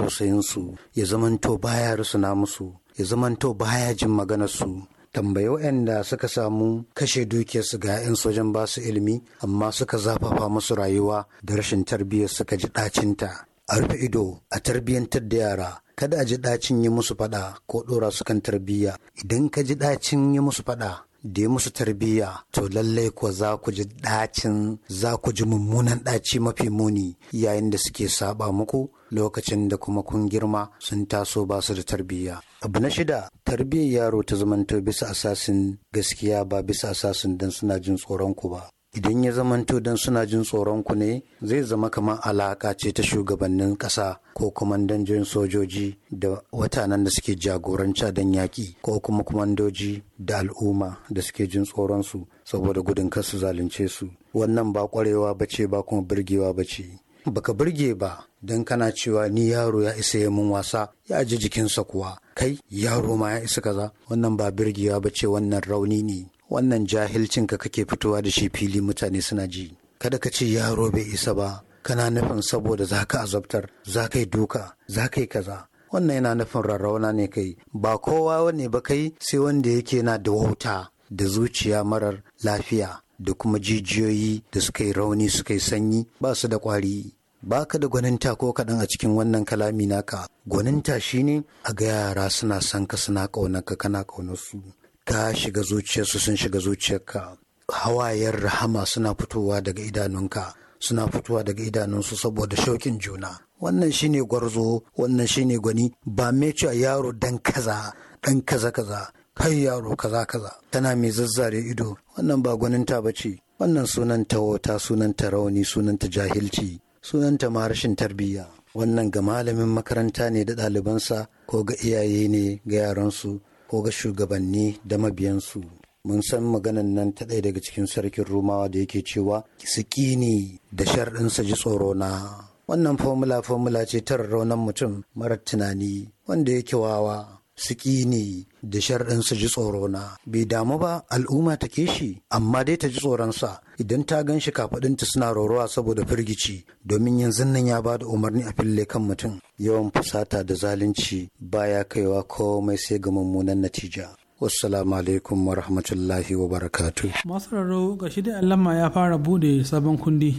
su. ya zamanto baya rusuna musu ya zamanto baya jin maganarsu tambayi waɗanda suka samu kashe dukiyarsu ga 'yan sojan ba su ilimi amma suka zafafa musu rayuwa da rashin tarbiyyar suka ji ɗacinta a rufe ido a tarbiyyantar da yara kada a ji ɗacin yi musu faɗa ko ɗora su kan tarbiyya idan ka ji ɗacin yi musu faɗa da yi musu tarbiyya to lallai kuwa za ku ji ɗacin za ku ji mummunan ɗaci mafi muni yayin da suke saba muku lokacin da kuma kun girma sun taso ba su da tarbiyya abu na shida tarbiyyar yaro ta zamanto bisa asasin gaskiya ba bisa asasin don suna jin tsoron ku ba idan ya zamanto don suna jin tsoron ku ne zai zama kamar alaka ce ta shugabannin ƙasa ko kwamandojin sojoji da watanen da suke jagoranta don yaƙi ko kuma kwamandoji da al'umma da suke jin tsoron su saboda gudun kasu zalunce su wannan ba ƙwarewa ba ce ba kuma birgewa ba ce baka birge ba don kana cewa ni yaro ya isa ya mun wasa ya ji jikinsa kuwa kai yaro ma ya isa kaza wannan ba birgewa ba ce wannan rauni ne wannan jahilcin ka kake fitowa da shi fili mutane suna ji kada ka ce yaro bai isa ba kana nufin saboda za ka azabtar za ka yi duka za ka yi kaza wannan yana nufin rarrauna ne kai ba kowa wane ba kai sai wanda yake na da wauta da zuciya marar lafiya da kuma jijiyoyi da suka yi rauni suka yi sanyi ba su da kwari ba ka da gwaninta ko kaɗan a cikin wannan kalami naka gwaninta shine a ga yara suna son ka suna ƙaunar ka kana ƙaunar su ka shiga zuciyarsu sun shiga zuciyarka hawayen rahama suna fitowa daga idanunka suna fitowa daga idanunsu saboda shauƙin juna wannan shine gwarzo wannan shine gwani ba me cewa yaro dan kaza dan kaza kaza kai yaro kaza kaza tana mai zazzare ido wannan ba gwaninta ba ce wannan sunan ta wata sunan ta rauni sunan ta jahilci sunan ta ma rashin tarbiyya wannan ga malamin makaranta ne da ɗalibansa ko ga iyaye ne ga yaransu ko ga shugabanni da mabiyansu mun san maganan nan ta ɗaya daga cikin sarkin rumawa da yake cewa sikini da sharɗinsa ji tsoro na wannan fomula fomula ce ta raunan mutum marar tunani wanda yake wawa sikini da sharɗin su ji tsoro na bai damu ba al'umma ta ke shi amma dai ta ji tsoron sa, idan ta gan shi kafaɗinta suna rorowa saboda firgici domin yanzu nan ya ba da umarni a fille kan mutum yawan fusata da zalunci baya kaiwa komai sai ga mummunan natija wassalamu alaikum wa rahmatullahi wa barakatu masu raro ga shi dai allama ya fara bude sabon kundi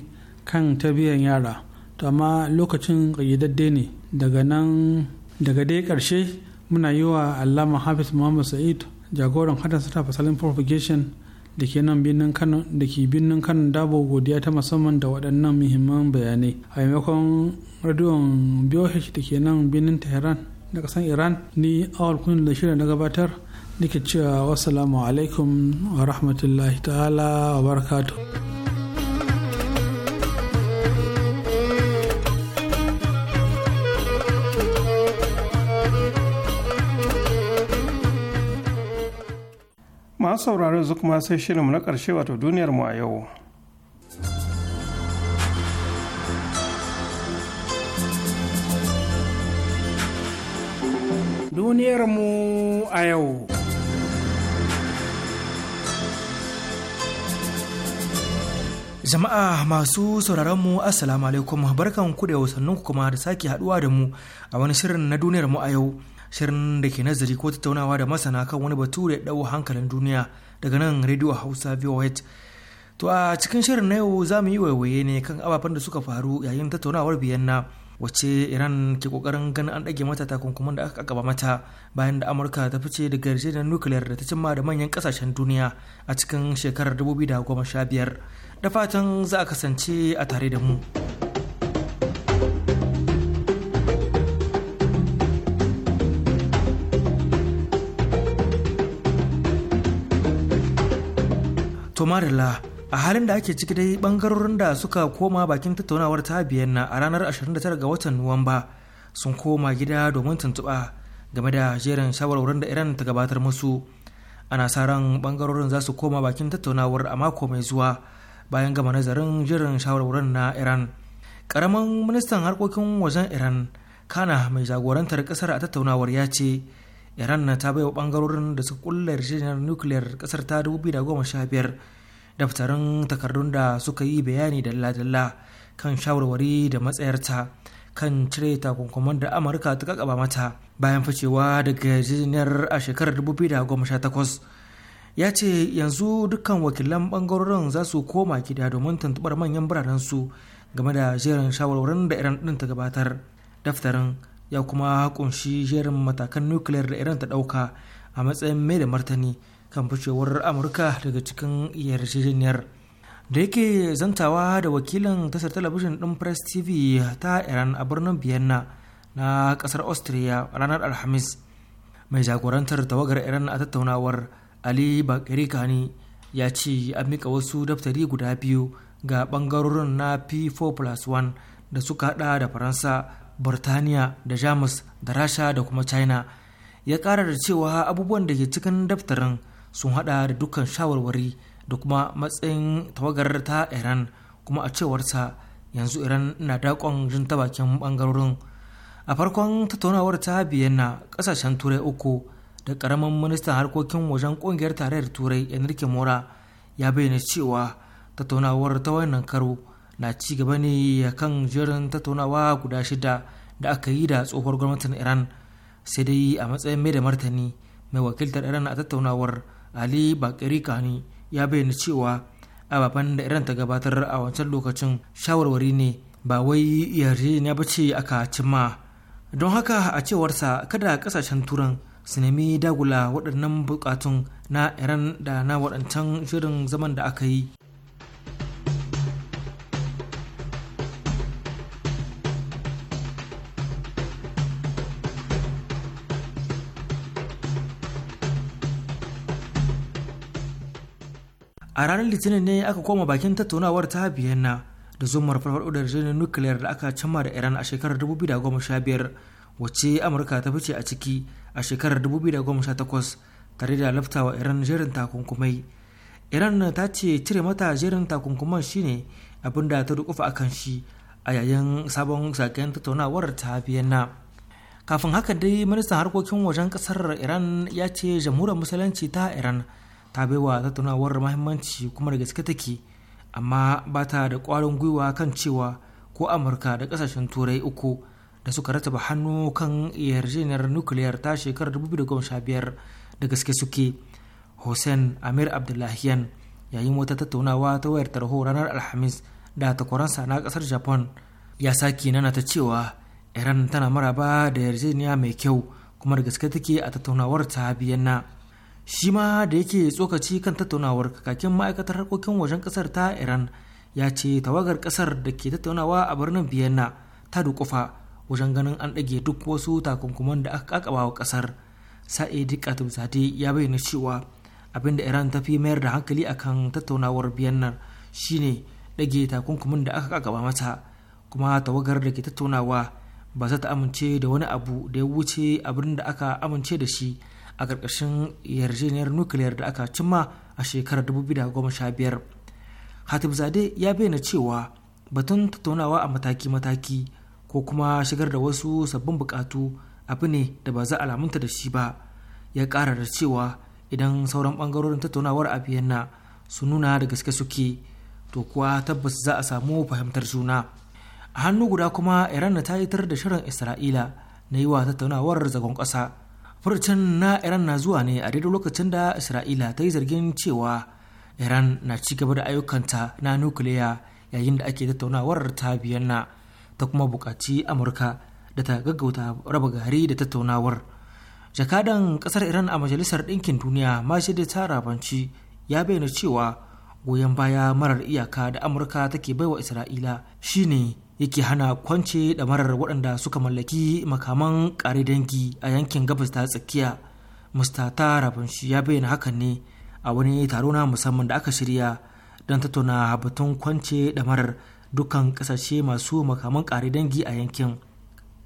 kan ta biyan yara to amma lokacin ƙayyadadde ne daga nan daga dai ƙarshe muna yi wa allama hafiz muhammad sa'id jagoran hadasa fasalin propagation da ke nan birnin kano da ke birnin kano dabo godiya ta musamman da waɗannan muhimman bayanai a maimakon radiyon biyohish da ke nan birnin tehran da kasan iran ni awal kun da shirin na gabatar nake cewa wasu alaikum wa rahmatullahi ta'ala wa barakatuh masu sauraro yanzu kuma sai shirinmu na ƙarshe wato duniyarmu a yau. Duniyarmu a yau. Jama'a masu sauraron mu Assalamu alaikum barkan ku da wasannin kuma da sake haduwa da mu a wani shirin na duniyarmu a yau. shirin da ke nazari ko tattaunawa da masana kan wani batu da ɗau hankalin duniya daga nan rediyo hausa voh to a cikin shirin na yau za mu yi waiwaye ne kan ababen da suka faru yayin tattaunawar biyanna wace iran ke kokarin ganin an ɗage mata takunkuman da aka gaba mata bayan da amurka ta fice daga yarjejeniyar nukiliyar da ta cimma da manyan kasashen duniya a cikin shekarar 2015 da fatan za a kasance a tare da mu. tomarilla a halin da ake ciki dai bangarorin da suka koma bakin tattaunawar ta biyan a ranar 29 ga watan nuwamba sun koma gida domin tuntuɓa game da jerin shawarwarin da iran ta gabatar musu ana sa ran bangarorin za su koma bakin tattaunawar a mako mai zuwa bayan gama nazarin jerin shawarwarin na iran ƙaramin ministan harkokin wajen iran kana mai jagorantar kasar a tattaunawar ya ce iran na ta baiwa bangarorin da suka kulla yarjejeniyar nukiliyar kasar ta 2015 daftarin takardun da suka yi bayani dalla-dalla kan shawarwari da matsayarta kan cire takunkuman da amurka ta kakaba mata bayan ficewa daga yarjejeniyar a shekarar 2018 ya ce yanzu dukkan wakilan bangarorin za su koma gida domin tuntubar manyan biranensu game da jerin shawarwarin da iran ɗin ta gabatar daftarin ya kuma kunshi jerin matakan nukiliyar da iran ta ɗauka a matsayin mai da martani kan ficewar amurka daga cikin yarjejeniyar da yake zantawa da wakilin tasar talabijin ɗin press tv ta iran a birnin vienna na ƙasar austria ranar alhamis mai jagorantar tawagar iran a tattaunawar ali bakari ya ce an mika wasu daftari guda biyu ga bangarorin na p4 plus 1 da suka hada da faransa burtaniya da jamus da rasha da kuma china ya kara da cewa abubuwan da ke cikin daftarin sun hada da dukkan shawarwari da kuma matsayin tawagar ta iran kuma a cewarsa yanzu iran na dakon jin ta bakin bangarorin a farkon tattaunawar ta biyanna kasashen turai uku da karamin ministan harkokin wajen ƙungiyar tarayyar turai enrique mora ya bayyana cewa tattaunawar ta wannan karo na ci gaba ne kan jerin tattaunawa guda shida da aka yi da tsohuwar gwamnatin iran sai dai a matsayin mai da martani mai wakiltar iran a tattaunawar ali bakari kani ya bayyana cewa ababen da iran ta gabatar a wancan lokacin shawarwari ne ba wai yarjejeniya ba ce aka cimma don haka a cewarsa kada kasashen turan su nemi dagula waɗannan bukatun na iran da na waɗancan shirin zaman da aka yi a ranar litinin ne aka koma bakin tattaunawar ta biyanna da zumar farfaɗo da rijiyar nukiliyar da aka cimma da iran a shekarar 2015 wacce amurka ta fice a ciki a shekarar 2018 tare da laftawa iran jerin takunkumai iran ta ce cire mata jerin takunkuman shine abin da ta rukufa a kan shi a yayin sabon saken tattaunawar ta biyanna kafin haka dai ministan harkokin wajen kasar iran ya ce jamhuriyar musulunci ta iran ta baiwa tattaunawar mahimmanci kuma da gaske take amma ba ta da kwarin gwiwa kan cewa ko amurka da ƙasashen turai uku da suka rataba hannu kan yarjejeniyar nukiliyar ta shekarar 2015 da gaske suke hussein amir abdullahiyan yayin wata tattaunawa ta wayar tarho ranar alhamis da takwaransa na kasar japan ya sake nana ta cewa iran tana maraba da yarjejeniya mai kyau kuma da gaske take a tattaunawar ta na shi ma da yake tsokaci kan tattaunawar kakakin ma'aikatar harkokin wajen kasar ta iran ya ce tawagar kasar da ke tattaunawa a birnin vienna ta dukufa wajen ganin an ɗage duk wasu takunkuman da aka kaba wa kasar sa'idi katim sadi ya bayyana cewa abin da iran ta fi mayar da hankali akan tattaunawar vienna shine ɗage takunkumin da aka kakaba mata kuma tawagar da ke tattaunawa ba za ta amince da wani abu da ya wuce abin da aka amince da shi a ƙarƙashin yarjejeniyar nukiliyar da aka cimma a shekarar 2015 zade ya bayyana cewa batun tattaunawa a mataki-mataki ko kuma shigar da wasu sabbin bukatu abu ne da ba za a lamunta da shi ba ya ƙara da cewa idan sauran ɓangarorin tattaunawar a vienna su nuna da gaske suke to kuwa tabbas za a samu fahimtar juna a hannu guda kuma iran ta yitar da shirin isra'ila na yi wa tattaunawar zagon ƙasa furucin na iran na zuwa ne a daidai lokacin da isra'ila ta yi zargin cewa iran na ci gaba da ayyukanta na nukiliya yayin da ake tattaunawar ta biyanna ta kuma buƙaci amurka da ta gaggauta raba gari da tattaunawar jakadan ƙasar iran a majalisar ɗinkin duniya masjid tarabanci ya bayyana cewa goyon baya marar iyaka da amurka take baiwa isra'ila shine yake hana kwance ɗamarar waɗanda suka mallaki makaman ƙare dangi a yankin gabas ta tsakiya mustata rabanshi ya bayyana hakan ne a wani taro na musamman da aka shirya don tattauna batun kwance ɗamarar dukkan ƙasashe masu makaman ƙare dangi a yankin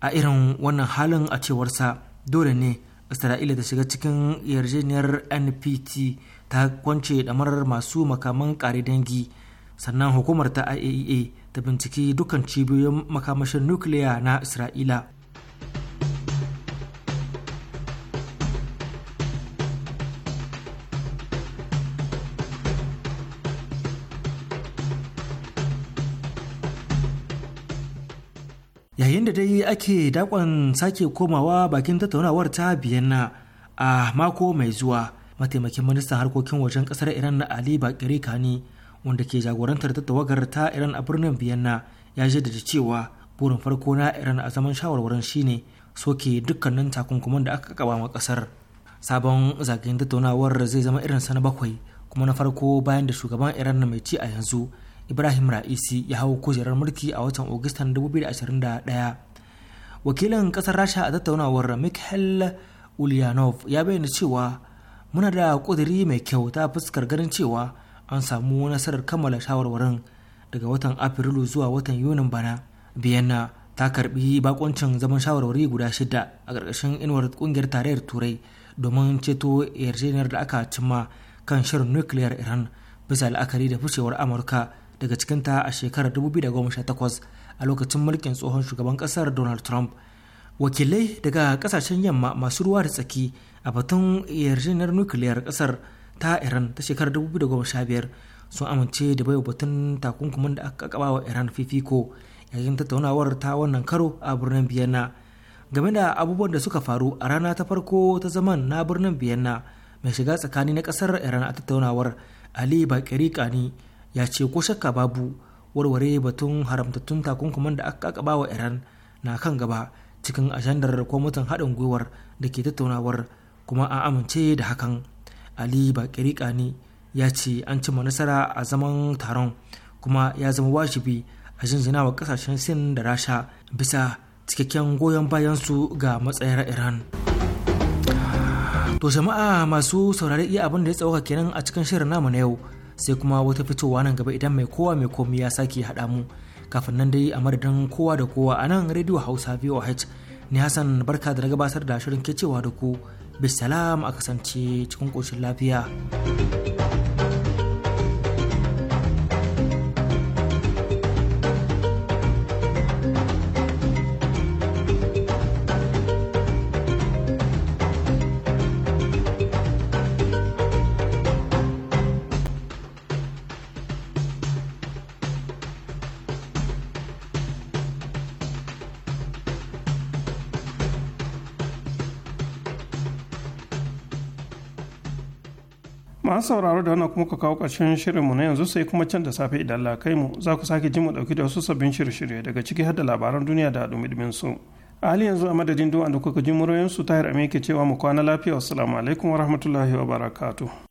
a irin wannan halin a cewarsa dole ne isra'ila ta shiga cikin yarjejeniyar npt ta kwance ɗamarar masu makaman ƙare dangi sannan hukumar ta iaea e da binciki dukkan cibiyoyin makamashin nukiliya na isra'ila yayin da dai ake dakon sake komawa bakin tattaunawar ta biyanna a mako mai zuwa mataimakin ministan harkokin wajen kasar iran na ali bakirika ne wanda ke jagorantar tattawagar ta iran a birnin vienna ya jaddada cewa burin farko na iran a zaman shawarwarin shine soke dukkanin takunkuman da aka kaba ma kasar sabon zagayen tattaunawar zai zama irin na bakwai kuma na farko bayan da shugaban iran na mai ci a yanzu ibrahim ra'isi ya hau kujerar mulki a watan agustan 2021 wakilin kasar rasha a tattaunawar mikhail ulyanov ya bayyana cewa muna da ƙudiri mai kyau ta fuskar ganin cewa an samu nasarar kammala shawarwarin daga watan afrilu zuwa watan yunin bana biyanna ta karbi bakoncin zaman shawarwari guda shida a ƙarƙashin inuwar ƙungiyar tarayyar turai domin ceto yarjejeniyar da aka cimma kan shirin nukiliyar iran bisa la'akari da fushewar amurka daga cikinta a shekarar 2018 a lokacin mulkin tsohon shugaban ƙasar donald trump wakilai daga ƙasashen yamma masu ruwa da tsaki a batun yarjejeniyar nukiliyar ƙasar ta iran ta shekarar 2015 sun amince da baiwa batun takunkumin da aka kaba wa iran fifiko yayin tattaunawar ta wannan karo a birnin biyanna game da abubuwan da suka faru a rana ta farko ta zaman na birnin biyanna mai shiga tsakani na kasar iran a tattaunawar ali bakiri kani ya ce ko shakka babu warware batun haramtattun takunkumin da aka kaba wa iran na kan gaba cikin ajandar kwamitin haɗin gwiwar da ke tattaunawar kuma a amince da hakan ali bakiri ne ya ce an cimma nasara a zaman taron kuma ya zama wajibi a jinjina wa kasashen sin da rasha bisa cikakken goyon bayansu ga matsayar iran to jama'a masu saurari iya abin da ya tsawaka kenan a cikin shirin namu na yau sai kuma wata fitowa nan gaba idan mai kowa mai komi ya sake haɗa mu kafin nan dai a madadin kowa da kowa a nan rediyo hausa voh ne hassan barka da na gabatar da shirin ke cewa da ku bisalam a kasance cikin ƙoshin lafiya sauraro da wannan kuma ka kawo ƙarshen shirinmu na yanzu sai kuma can da safe idan la kai mu za ku sake jin mu ɗauki da wasu sabbin shirye-shirye daga ciki har da labaran duniya da dumi su. A hali yanzu a madadin duwan da kuka ji su tahir ke cewa mu kwana lafiya wassalamu alaikum wa rahmatullahi wa barakatu.